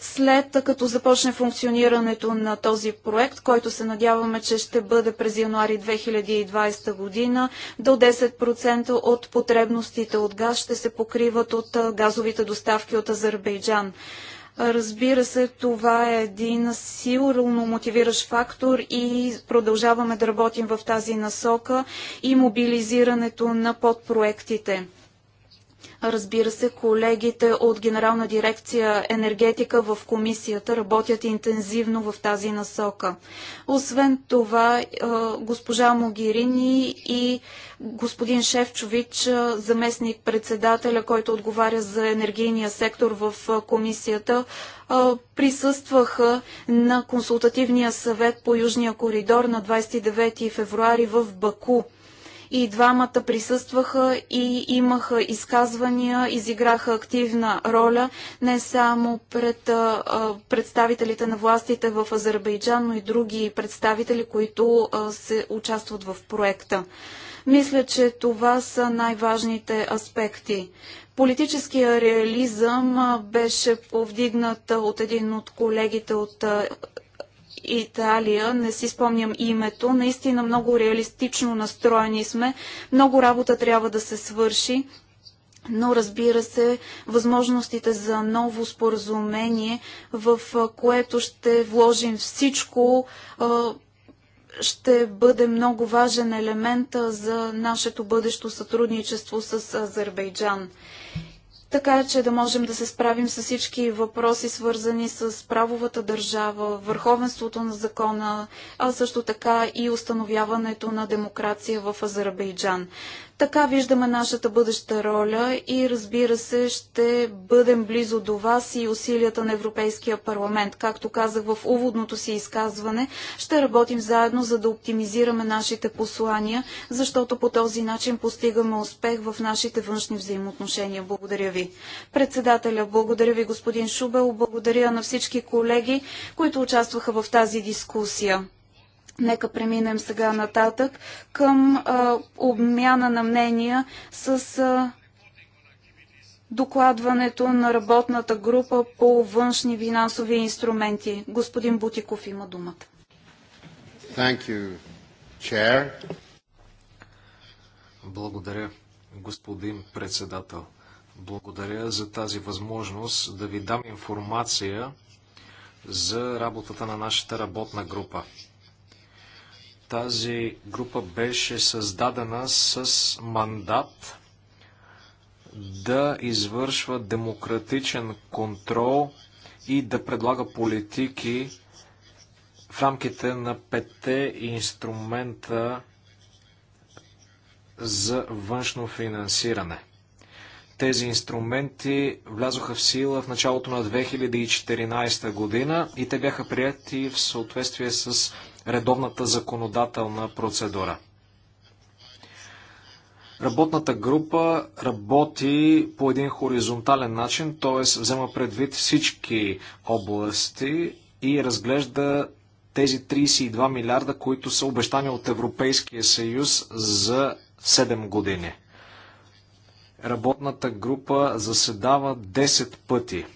след като започне функционирането на този проект, който се надяваме, че ще бъде през януари 2020 година, до 10% от потребностите от газ ще се покриват от газовите доставки от Азербайджан. Разбира се, това е един силно мотивиращ фактор и продължаваме да работим в тази насока и мобилизирането на подпроектите. Разбира се, колегите от Генерална дирекция енергетика в комисията работят интензивно в тази насока. Освен това, е, госпожа Могирини и господин Шевчович, е, заместник председателя, който отговаря за енергийния сектор в е, комисията, присъстваха на консултативния съвет по Южния коридор на 29 февруари в Баку. И двамата присъстваха и имаха изказвания, изиграха активна роля не само пред а, представителите на властите в Азербайджан, но и други представители, които а, се участват в проекта. Мисля, че това са най-важните аспекти. Политическия реализъм беше повдигнат от един от колегите от Италия, не си спомням името, наистина много реалистично настроени сме, много работа трябва да се свърши. Но разбира се, възможностите за ново споразумение, в което ще вложим всичко, ще бъде много важен елемент за нашето бъдещо сътрудничество с Азербайджан така че да можем да се справим с всички въпроси, свързани с правовата държава, върховенството на закона, а също така и установяването на демокрация в Азербайджан. Така виждаме нашата бъдеща роля и разбира се ще бъдем близо до вас и усилията на Европейския парламент. Както казах в уводното си изказване, ще работим заедно за да оптимизираме нашите послания, защото по този начин постигаме успех в нашите външни взаимоотношения. Благодаря ви. Председателя, благодаря ви господин Шубел, благодаря на всички колеги, които участваха в тази дискусия. Нека преминем сега нататък към а, обмяна на мнения с а, докладването на работната група по външни финансови инструменти. Господин Бутиков има думата. Thank you, chair. Благодаря, господин председател. Благодаря за тази възможност да ви дам информация за работата на нашата работна група. Тази група беше създадена с мандат да извършва демократичен контрол и да предлага политики в рамките на пете инструмента за външно финансиране. Тези инструменти влязоха в сила в началото на 2014 година и те бяха прияти в съответствие с редовната законодателна процедура. Работната група работи по един хоризонтален начин, т.е. взема предвид всички области и разглежда тези 32 милиарда, които са обещани от Европейския съюз за 7 години. Работната група заседава 10 пъти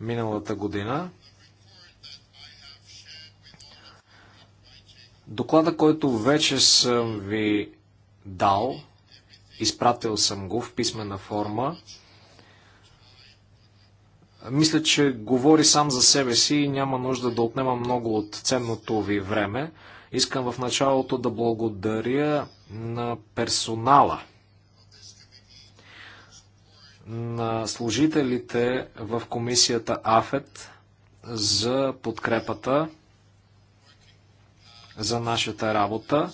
миналата година. Доклада, който вече съм ви дал, изпратил съм го в писмена форма, мисля, че говори сам за себе си и няма нужда да отнема много от ценното ви време. Искам в началото да благодаря на персонала, на служителите в комисията АФЕТ за подкрепата за нашата работа.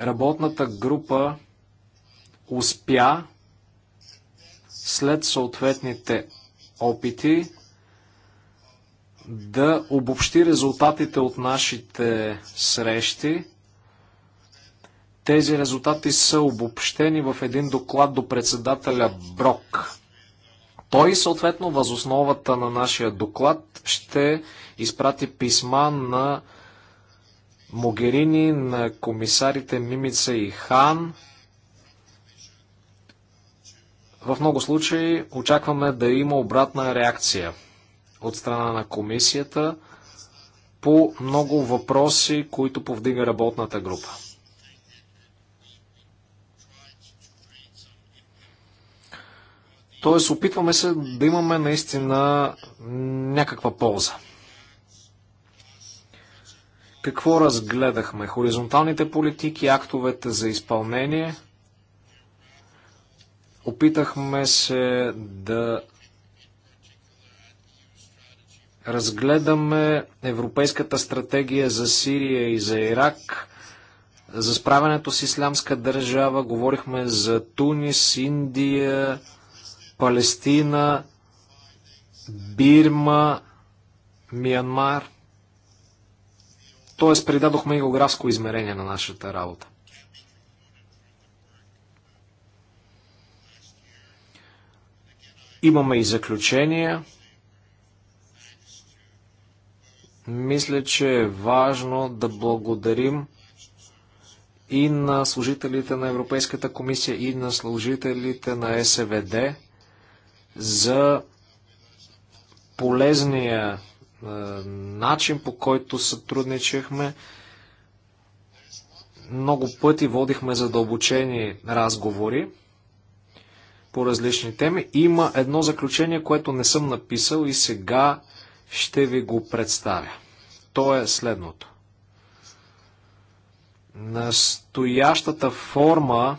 Работната група успя след съответните опити да обобщи резултатите от нашите срещи. Тези резултати са обобщени в един доклад до председателя Брок. Той, съответно, възосновата на нашия доклад ще изпрати писма на Могерини, на комисарите Мимица и Хан. В много случаи очакваме да има обратна реакция от страна на комисията по много въпроси, които повдига работната група. Тоест, опитваме се да имаме наистина някаква полза какво разгледахме? Хоризонталните политики, актовете за изпълнение. Опитахме се да разгледаме Европейската стратегия за Сирия и за Ирак, за справянето с ислямска държава, говорихме за Тунис, Индия, Палестина, Бирма, Миянмар – т.е. придадохме и географско измерение на нашата работа. Имаме и заключения. Мисля, че е важно да благодарим и на служителите на Европейската комисия, и на служителите на СВД за полезния е, начин по който сътрудничахме. Много пъти водихме задълбочени разговори по различни теми. Има едно заключение, което не съм написал и сега ще ви го представя. То е следното. Настоящата форма,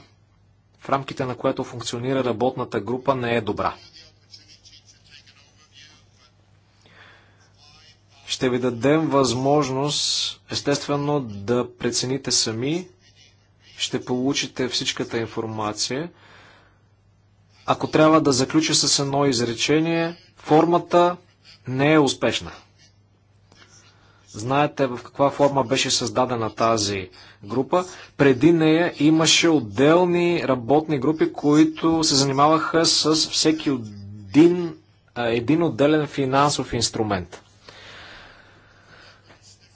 в рамките на която функционира работната група, не е добра. Ще ви дадем възможност, естествено, да прецените сами. Ще получите всичката информация. Ако трябва да заключа с едно изречение, формата не е успешна. Знаете в каква форма беше създадена тази група. Преди нея имаше отделни работни групи, които се занимаваха с всеки един, един отделен финансов инструмент.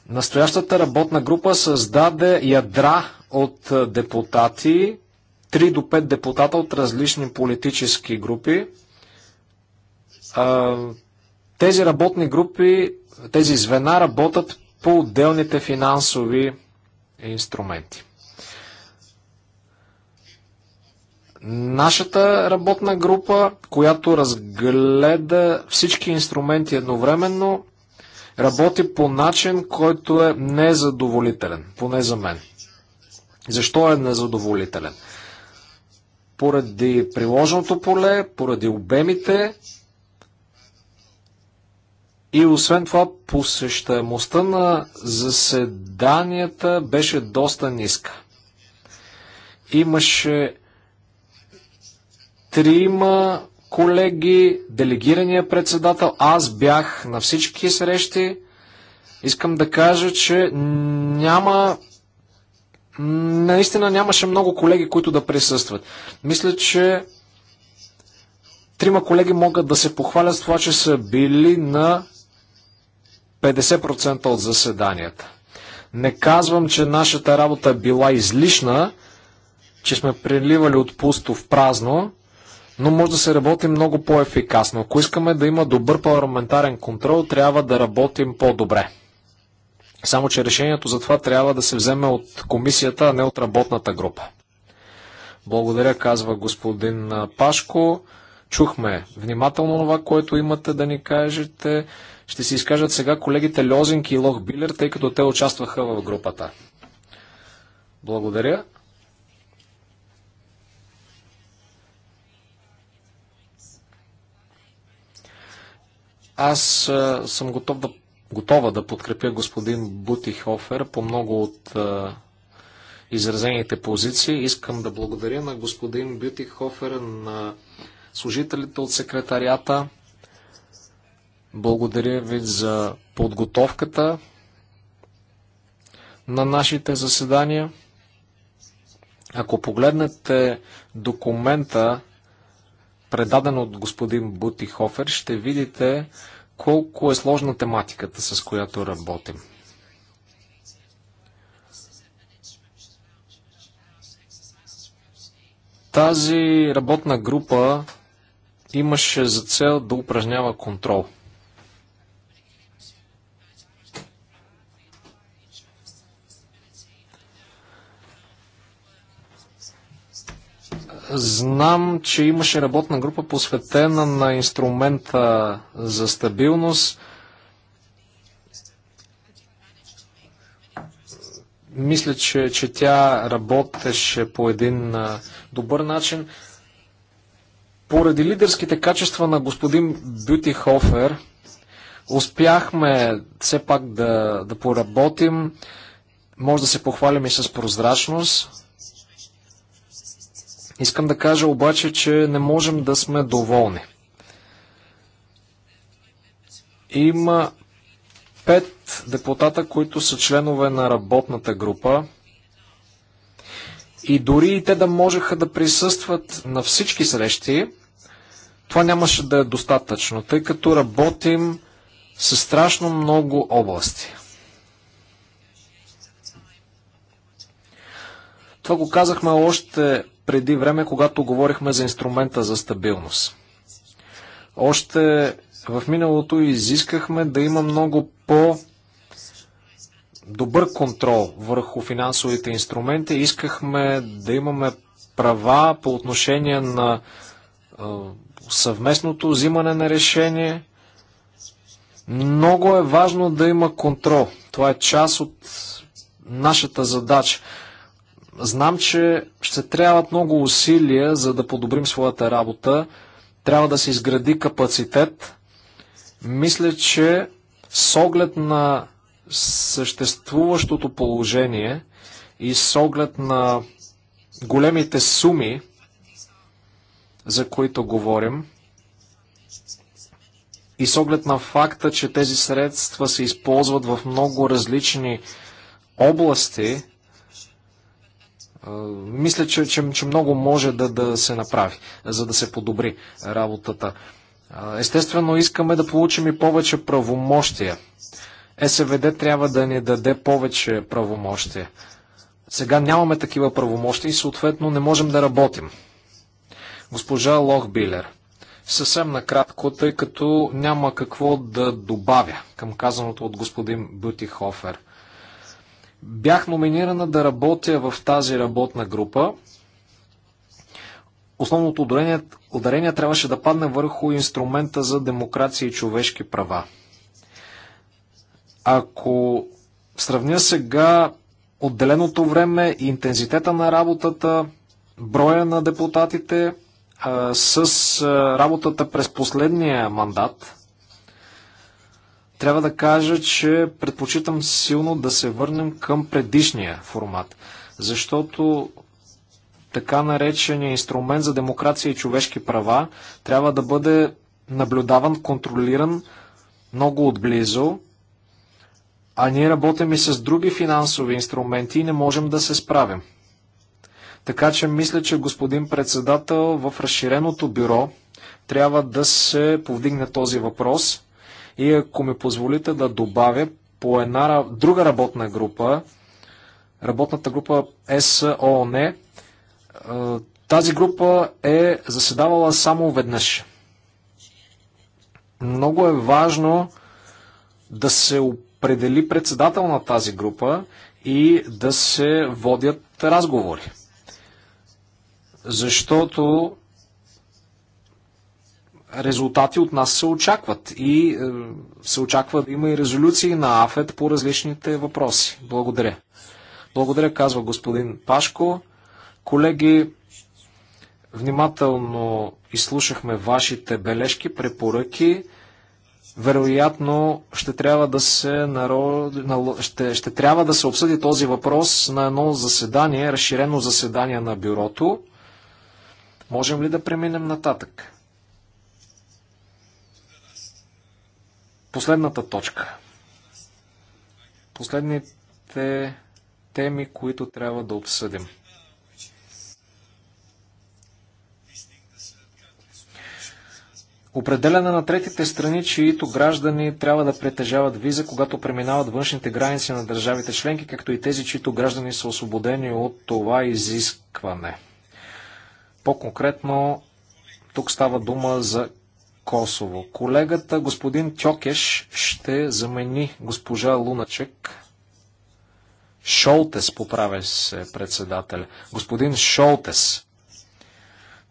Настоящата работна група създаде ядра от е, депутати, 3 до 5 депутата от различни политически групи. Тези работни групи, тези звена работят по отделните финансови инструменти. Нашата работна група, която разгледа всички инструменти едновременно, работи по начин, който е незадоволителен, поне за мен. Защо е незадоволителен? Поради приложеното поле, поради обемите и освен това посещаемостта на заседанията беше доста ниска. Имаше трима колеги, делегирания председател. Аз бях на всички срещи. Искам да кажа, че няма. Наистина нямаше много колеги, които да присъстват. Мисля, че трима колеги могат да се похвалят с това, че са били на 50% от заседанията. Не казвам, че нашата работа била излишна, че сме преливали от пусто в празно но може да се работи много по-ефикасно. Ако искаме да има добър парламентарен контрол, трябва да работим по-добре. Само, че решението за това трябва да се вземе от комисията, а не от работната група. Благодаря, казва господин Пашко. Чухме внимателно това, което имате да ни кажете. Ще се изкажат сега колегите Лозинки и Лох Билер, тъй като те участваха в групата. Благодаря. Аз съм готов да, готова да подкрепя господин Бутихофер по много от изразените позиции. Искам да благодаря на господин Бютихофер, на служителите от секретарията. Благодаря ви за подготовката на нашите заседания. Ако погледнете документа предаден от господин Хофер, ще видите колко е сложна тематиката, с която работим. Тази работна група имаше за цел да упражнява контрол – Знам, че имаше работна група посветена на инструмента за стабилност. Мисля, че, че тя работеше по един добър начин. Поради лидерските качества на господин Хофер, успяхме все пак да, да поработим. Може да се похвалим и с прозрачност. Искам да кажа обаче, че не можем да сме доволни. Има пет депутата, които са членове на работната група. И дори и те да можеха да присъстват на всички срещи, това нямаше да е достатъчно, тъй като работим с страшно много области. Това го казахме още преди време, когато говорихме за инструмента за стабилност. Още в миналото изискахме да има много по- добър контрол върху финансовите инструменти. Искахме да имаме права по отношение на е, съвместното взимане на решение. Много е важно да има контрол. Това е част от нашата задача. Знам, че ще трябват много усилия, за да подобрим своята работа. Трябва да се изгради капацитет. Мисля, че с оглед на съществуващото положение и с оглед на големите суми, за които говорим, и с оглед на факта, че тези средства се използват в много различни области, мисля, че, че, че много може да, да се направи, за да се подобри работата. Естествено, искаме да получим и повече правомощия. СВД трябва да ни даде повече правомощия. Сега нямаме такива правомощи и съответно не можем да работим. Госпожа Лохбилер, съвсем накратко, тъй като няма какво да добавя към казаното от господин Бютихофер – Бях номинирана да работя в тази работна група. Основното ударение, ударение трябваше да падне върху инструмента за демокрация и човешки права. Ако сравня сега отделеното време и интензитета на работата, броя на депутатите а, с а, работата през последния мандат, трябва да кажа, че предпочитам силно да се върнем към предишния формат, защото така наречения инструмент за демокрация и човешки права трябва да бъде наблюдаван, контролиран много отблизо, а ние работим и с други финансови инструменти и не можем да се справим. Така че мисля, че господин председател в разширеното бюро трябва да се повдигне този въпрос. И ако ми позволите да добавя по една друга работна група, работната група СООН, е, е, тази група е заседавала само веднъж. Много е важно да се определи председател на тази група и да се водят разговори. Защото резултати от нас се очакват и е, се очаква да има и резолюции на АФЕД по различните въпроси. Благодаря. Благодаря, казва господин Пашко. Колеги, внимателно изслушахме вашите бележки, препоръки. Вероятно ще трябва да се народ... ще, ще трябва да се обсъди този въпрос на едно заседание, разширено заседание на бюрото. Можем ли да преминем нататък? Последната точка. Последните теми, които трябва да обсъдим. Определена на третите страни, чието граждани трябва да притежават виза, когато преминават външните граници на държавите членки, както и тези, чието граждани са освободени от това изискване. По-конкретно, тук става дума за Косово. Колегата господин Тьокеш ще замени госпожа Луначек. Шолтес, поправя се председателя. Господин Шолтес.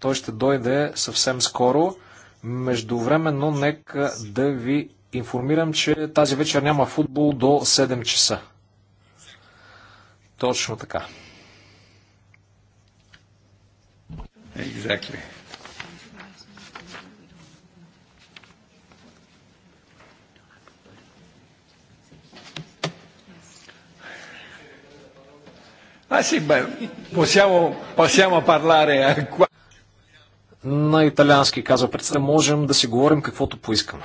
Той ще дойде съвсем скоро. Междувременно нека да ви информирам, че тази вечер няма футбол до 7 часа. Точно така. Exactly. sì, beh, possiamo, possiamo parlare На италиански казва представи, можем да си говорим каквото поискаме.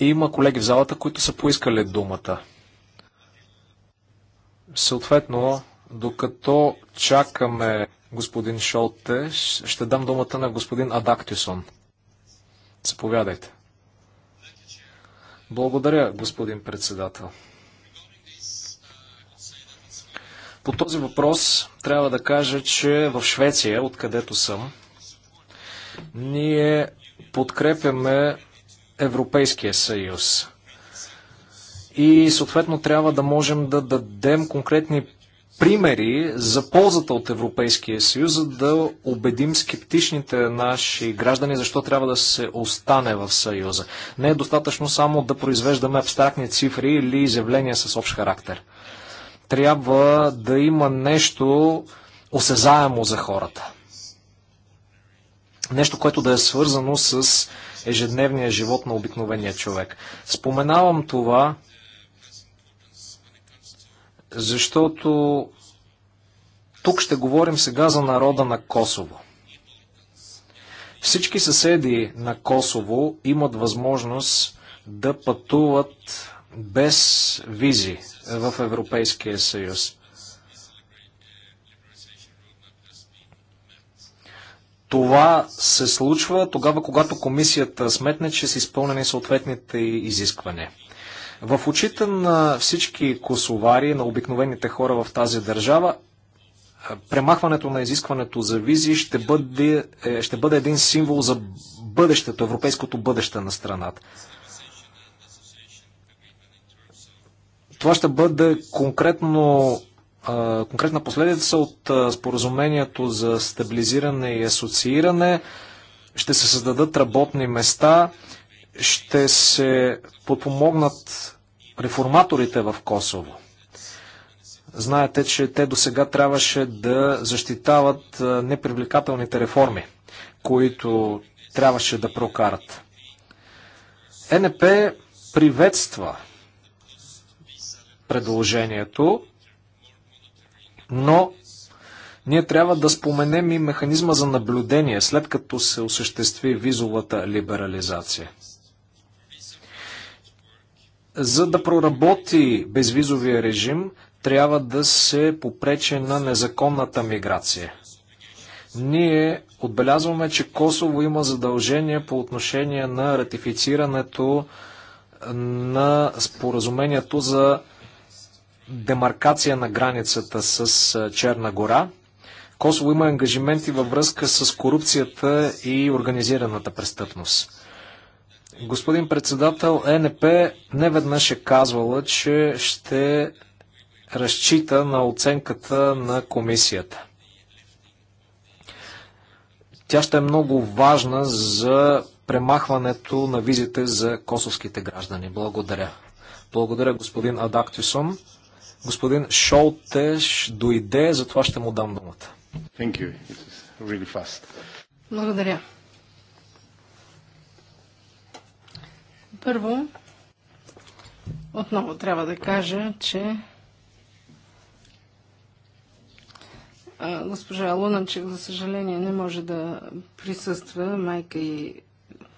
Има колеги в залата, които са поискали думата. Съответно, докато чакаме господин Шолте, ще дам думата на господин Адактюсон. Заповядайте. Благодаря, господин председател. По този въпрос трябва да кажа, че в Швеция, откъдето съм, ние подкрепяме Европейския съюз. И съответно трябва да можем да дадем конкретни примери за ползата от Европейския съюз, за да убедим скептичните наши граждани, защо трябва да се остане в съюза. Не е достатъчно само да произвеждаме абстрактни цифри или изявления с общ характер. Трябва да има нещо осезаемо за хората нещо, което да е свързано с ежедневния живот на обикновения човек. Споменавам това, защото тук ще говорим сега за народа на Косово. Всички съседи на Косово имат възможност да пътуват без визи в Европейския съюз. Това се случва тогава, когато комисията сметне, че са изпълнени съответните изисквания. В очите на всички косовари, на обикновените хора в тази държава, е, премахването на изискването за визи ще бъде, е, ще бъде един символ за бъдещето, европейското бъдеще на страната. Това ще бъде конкретно конкретна последица от споразумението за стабилизиране и асоцииране. Ще се създадат работни места, ще се подпомогнат реформаторите в Косово. Знаете, че те до сега трябваше да защитават непривлекателните реформи, които трябваше да прокарат. Е НП приветства предложението но ние трябва да споменем и механизма за наблюдение, след като се осъществи визовата либерализация. За да проработи безвизовия режим, трябва да се попрече на незаконната миграция. Ние отбелязваме, че Косово има задължение по отношение на ратифицирането на споразумението за демаркация на границата с Черна гора. Косово има ангажименти във връзка с корупцията и организираната престъпност. Господин председател, ЕНП неведнъж е казвала, че ще разчита на оценката на комисията. Тя ще е много важна за премахването на визите за косовските граждани. Благодаря. Благодаря, господин Адактисон. Господин Шолтеш дойде, затова ще му дам думата. Really Благодаря. Първо, отново трябва да кажа, че госпожа Луначек, за съжаление, не може да присъства. Майка и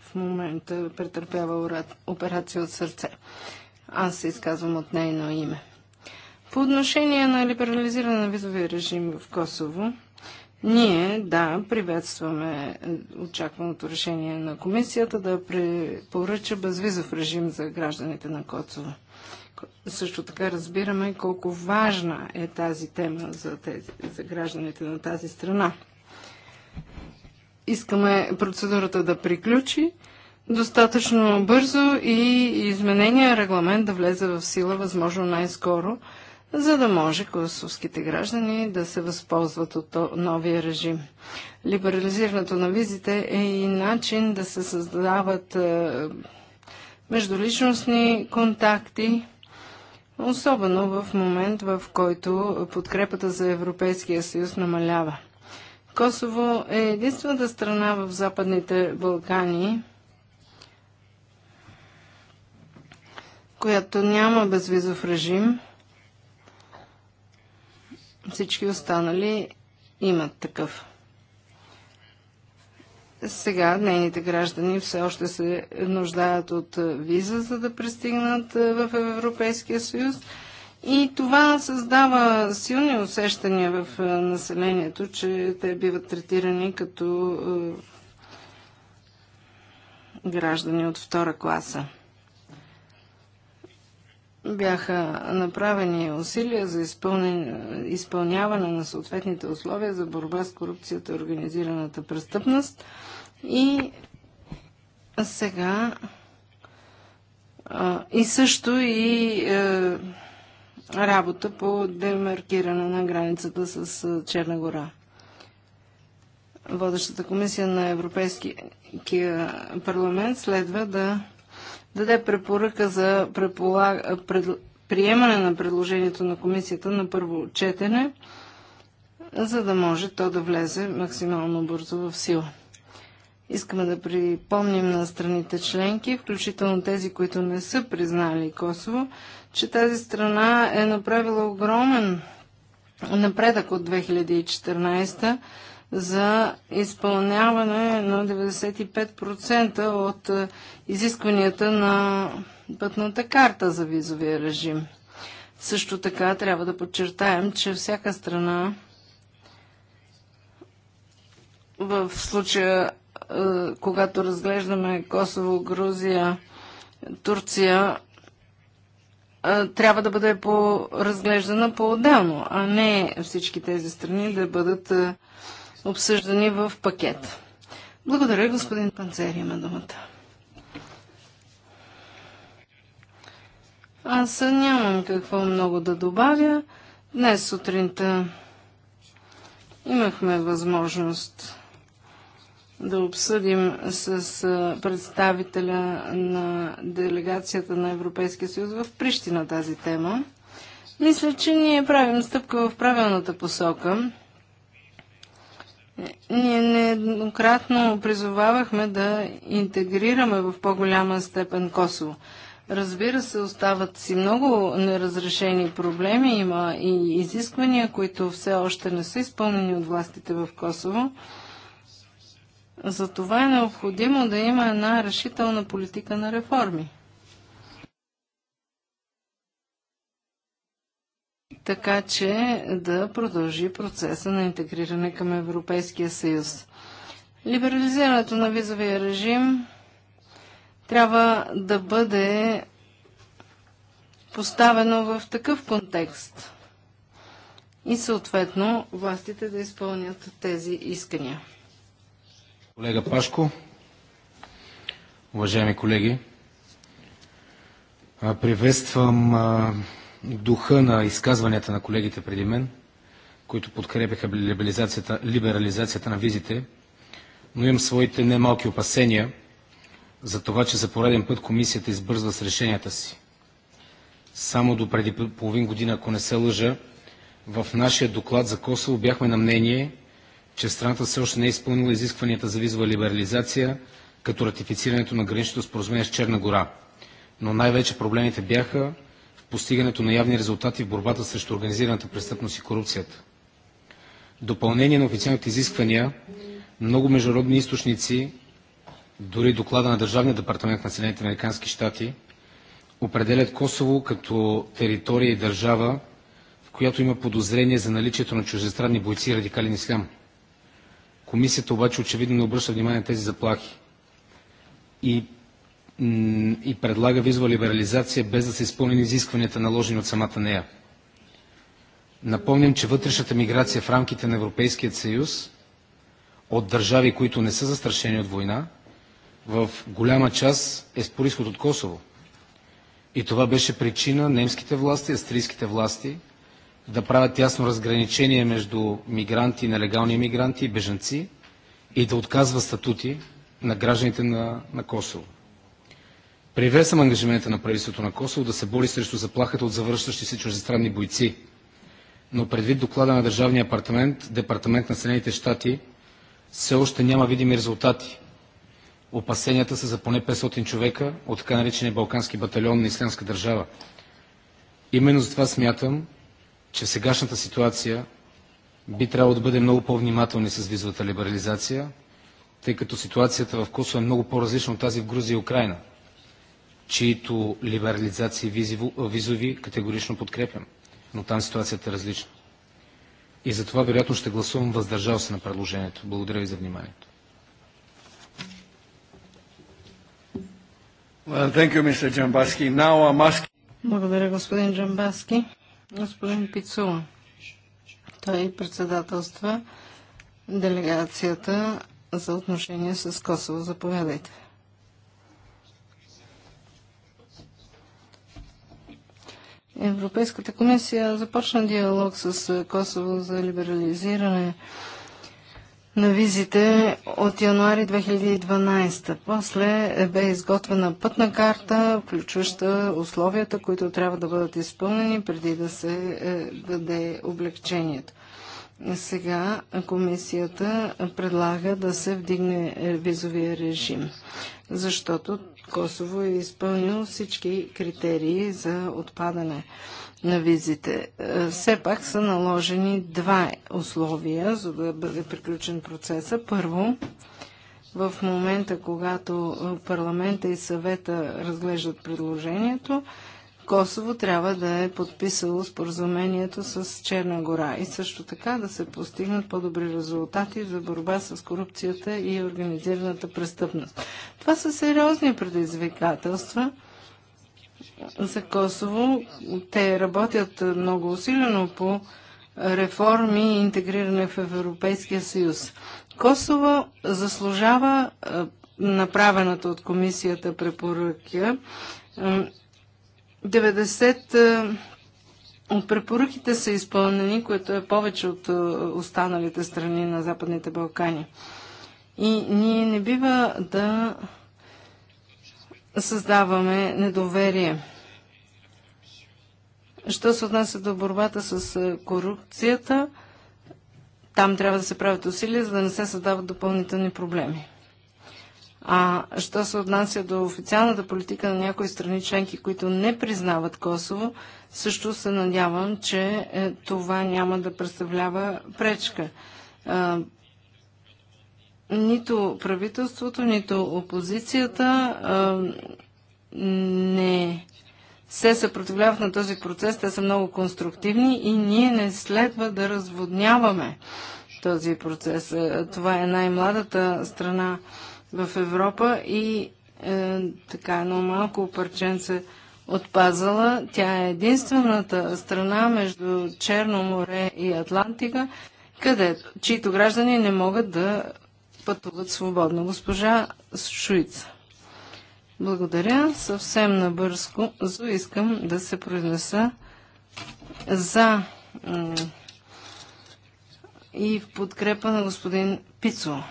в момента претърпява операция от сърце. Аз се изказвам от нейно име. По отношение на либерализиране на визовия режим в Косово, ние, да, приветстваме очакваното решение на комисията да поръча безвизов режим за гражданите на Косово. Също така разбираме колко важна е тази тема за, тези, за гражданите на тази страна. Искаме процедурата да приключи достатъчно бързо и изменения регламент да влезе в сила възможно най-скоро за да може косовските граждани да се възползват от новия режим. Либерализирането на визите е и начин да се създават е, междуличностни контакти, особено в момент, в който подкрепата за Европейския съюз намалява. Косово е единствената страна в Западните Балкани, която няма безвизов режим – всички останали имат такъв. Сега нейните граждани все още се нуждаят от виза, за да пристигнат е, в Европейския съюз. И това създава силни усещания в е, населението, че те биват третирани като е, граждани от втора класа бяха направени усилия за изпълняване на съответните условия за борба с корупцията и организираната престъпност. И сега и също и е, работа по демаркиране на границата с е, Черна гора. Водещата комисия на Европейския парламент следва да даде препоръка за пред... приемане на предложението на комисията на първо четене, за да може то да влезе максимално бързо в сила. Искаме да припомним на страните членки, включително тези, които не са признали Косово, че тази страна е направила огромен напредък от 2014 за изпълняване на 95% от е, изискванията на пътната карта за визовия режим. Също така трябва да подчертаем, че всяка страна в случая, е, когато разглеждаме Косово, Грузия, Турция, е, трябва да бъде по, разглеждана по-отделно, а не всички тези страни да бъдат обсъждани в пакет. Благодаря, господин Панцери, има думата. Аз нямам какво много да добавя. Днес сутринта имахме възможност да обсъдим с представителя на делегацията на Европейския съюз в Прищина тази тема. Мисля, че ние правим стъпка в правилната посока. Ние нееднократно призовавахме да интегрираме в по-голяма степен Косово. Разбира се, остават си много неразрешени проблеми. Има и изисквания, които все още не са изпълнени от властите в Косово. Затова е необходимо да има една решителна политика на реформи. така че да продължи процеса на интегриране към Европейския съюз. Либерализирането на визовия режим трябва да бъде поставено в такъв контекст и съответно властите да изпълнят тези искания. Колега Пашко, уважаеми колеги, приветствам духа на изказванията на колегите преди мен, които подкрепяха либерализацията, на визите, но имам своите немалки опасения за това, че за пореден път комисията избързва с решенията си. Само до преди половин година, ако не се лъжа, в нашия доклад за Косово бяхме на мнение, че страната все още не е изпълнила изискванията за визова либерализация, като ратифицирането на граничното споразумение с Черна гора. Но най-вече проблемите бяха, постигането на явни резултати в борбата срещу организираната престъпност и корупцията. В допълнение на официалните изисквания, много международни източници, дори доклада на Държавния департамент на Съединените американски щати, определят Косово като територия и държава, в която има подозрение за наличието на чужестранни бойци и радикален ислям. Комисията обаче очевидно не обръща внимание на тези заплахи и и предлага визова либерализация без да са изпълнени изискванията наложени от самата нея. Напомням, че вътрешната миграция в рамките на Европейския съюз от държави, които не са застрашени от война, в голяма част е с происход от Косово. И това беше причина немските власти, австрийските власти да правят ясно разграничение между мигранти, нелегални мигранти и бежанци и да отказва статути на гражданите на, на Косово съм ангажимента на правителството на Косово да се бори срещу заплахата от завръщащи се чуждестранни бойци, но предвид доклада на Държавния апартамент, департамент на Съединените щати, все още няма видими резултати. Опасенията са за поне 500 човека от така наречения Балкански батальон на Ислямска държава. Именно затова смятам, че в сегашната ситуация би трябвало да бъдем много по-внимателни с визовата либерализация, тъй като ситуацията в Косово е много по-различна от тази в Грузия и Украина – чието либерализации визови категорично подкрепям. Но там ситуацията е различна. И за това вероятно ще гласувам въздържал се на предложението. Благодаря ви за вниманието. Джамбаски. Uh, Благодаря, господин Джамбаски. Господин Пицула. Той председателства делегацията за отношения с Косово. Заповядайте. Европейската комисия започна диалог с е, Косово за либерализиране на визите от януари 2012. После бе изготвена пътна карта, включваща условията, които трябва да бъдат изпълнени преди да се е, даде облегчението. Сега комисията предлага да се вдигне е, визовия режим, защото Косово е изпълнил всички критерии за отпадане на визите. Е, все пак са наложени два условия, за да бъде приключен процеса. Първо, в момента, когато парламента и съвета разглеждат предложението, Косово трябва да е подписало споразумението с Черна гора и също така да се постигнат по-добри резултати за борба с корупцията и организираната престъпност. Това са сериозни предизвикателства за Косово. Те работят много усилено по реформи и интегриране в Европейския съюз. Косово заслужава направената от комисията препоръка 90 е, от препоръките са изпълнени, което е повече от е, останалите страни на Западните Балкани. И ние не бива да създаваме недоверие. Що се отнася до борбата с е, корупцията, там трябва да се правят усилия, за да не се създават допълнителни проблеми. А що се отнася до официалната политика на някои страни членки, които не признават Косово, също се надявам, че е, това няма да представлява пречка. нито правителството, нито опозицията не се съпротивляват на този процес. Те са много конструктивни и ние не следва да разводняваме този процес. Това е най-младата страна в Европа и е, така едно малко парченце от пазала. Тя е единствената страна между Черно море и Атлантика, където, чието граждани не могат да пътуват свободно. Госпожа Шуица. Благодаря. Съвсем набързко искам да се произнеса за и в подкрепа на господин Пицо.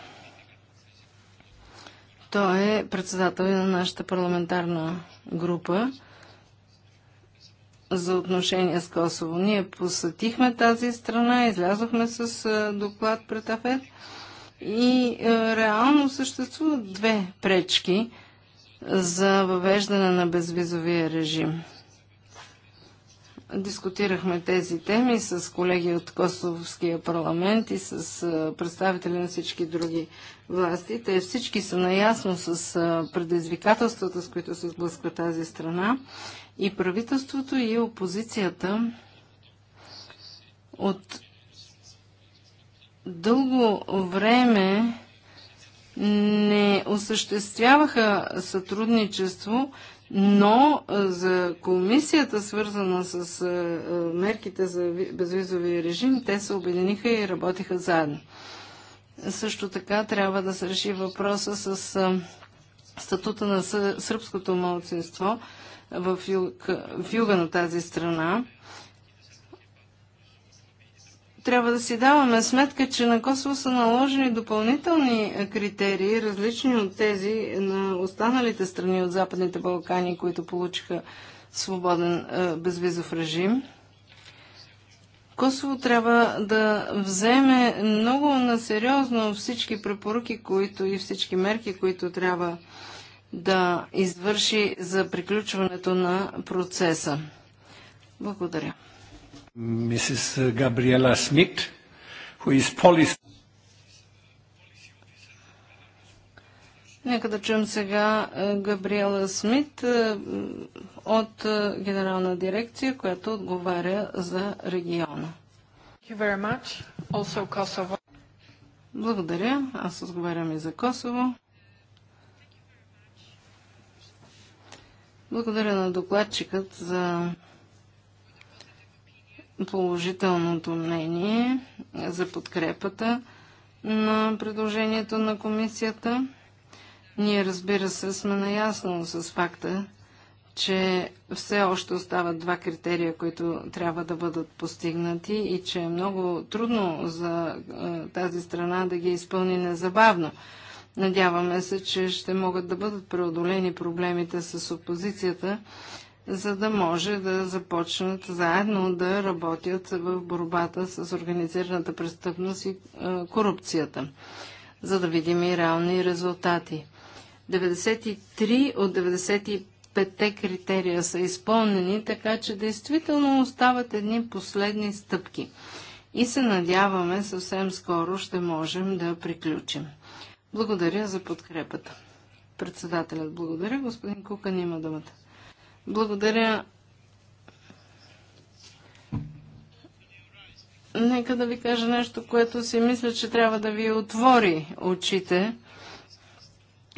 Той е председател на нашата парламентарна група за отношения с Косово. Ние посетихме тази страна, излязохме с доклад пред Афет и реално съществуват две пречки за въвеждане на безвизовия режим. Дискутирахме тези теми с колеги от Косовския парламент и с представители на всички други власти. Те всички са наясно с предизвикателствата, с които се сблъсква тази страна. И правителството и опозицията от дълго време не осъществяваха сътрудничество, но за комисията, свързана с мерките за безвизовия режим, те се обединиха и работиха заедно. Също така трябва да се реши въпроса с статута на сръбското малцинство в юга, в юга на тази страна трябва да си даваме сметка, че на Косово са наложени допълнителни критерии, различни от тези на останалите страни от Западните Балкани, които получиха свободен е, безвизов режим. Косово трябва да вземе много на сериозно всички препоръки, които и всички мерки, които трябва да извърши за приключването на процеса. Благодаря. Mrs. Gabriela Schmidt, who is policy... Нека да чуем сега е, Габриела Смит е, от е, Генерална дирекция, която отговаря за региона. Благодаря. Аз отговарям и за Косово. Благодаря на докладчикът за положителното мнение за подкрепата на предложението на комисията. Ние, разбира се, сме наясно с факта, че все още остават два критерия, които трябва да бъдат постигнати и че е много трудно за тази страна да ги изпълни незабавно. Надяваме се, че ще могат да бъдат преодолени проблемите с опозицията за да може да започнат заедно да работят в борбата с организираната престъпност и корупцията, за да видим и реални резултати. 93 от 95-те критерия са изпълнени, така че действително остават едни последни стъпки. И се надяваме съвсем скоро ще можем да приключим. Благодаря за подкрепата. Председателят благодаря. Господин Кукан има думата. Благодаря. Нека да ви кажа нещо, което си мисля, че трябва да ви отвори очите.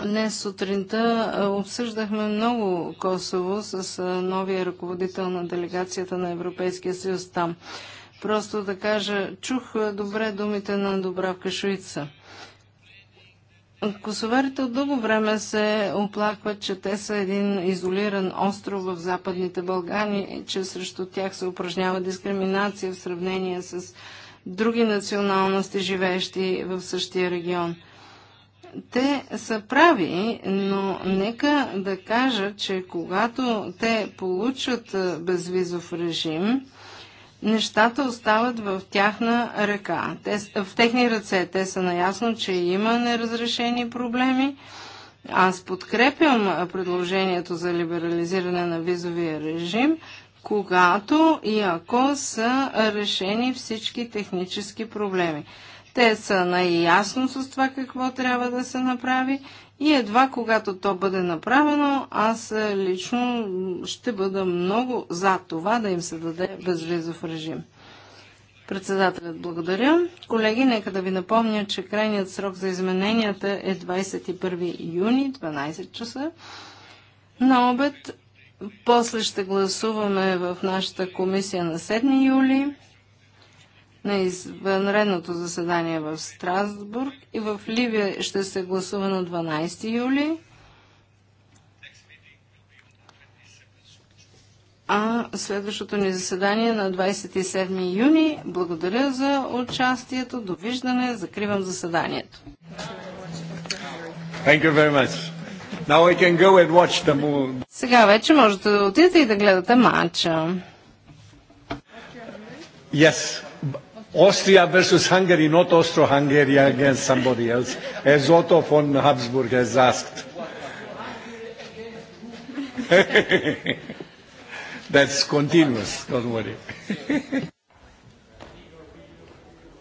Днес сутринта обсъждахме много Косово с новия ръководител на делегацията на Европейския съюз там. Просто да кажа, чух добре думите на Добравка Шуица. Косоварите от дълго време се оплакват, че те са един изолиран остров в Западните Балкани, че срещу тях се упражнява дискриминация в сравнение с други националности, живеещи в същия регион. Те са прави, но нека да кажа, че когато те получат безвизов режим, нещата остават в тяхна ръка, те, в техни ръце. Те са наясно, че има неразрешени проблеми. Аз подкрепям предложението за либерализиране на визовия режим, когато и ако са решени всички технически проблеми. Те са наясно с това какво трябва да се направи и едва когато то бъде направено, аз е, лично ще бъда много за това да им се даде безвизов режим. Председателят благодаря. Колеги, нека да ви напомня, че крайният срок за измененията е 21 юни, 12 часа. На обед. После ще гласуваме в нашата комисия на 7 юли на извънредното заседание в Страсбург и в Ливия ще се гласува на 12 юли. А следващото ни заседание на 27 юни. Благодаря за участието. Довиждане. Закривам заседанието. Thank you very much. Now can go and watch the Сега вече можете да отидете и да гледате матча. Yes. Austria versus Hungary, not Austro-Hungary against somebody else, as Otto von Habsburg has asked. That's continuous, don't worry.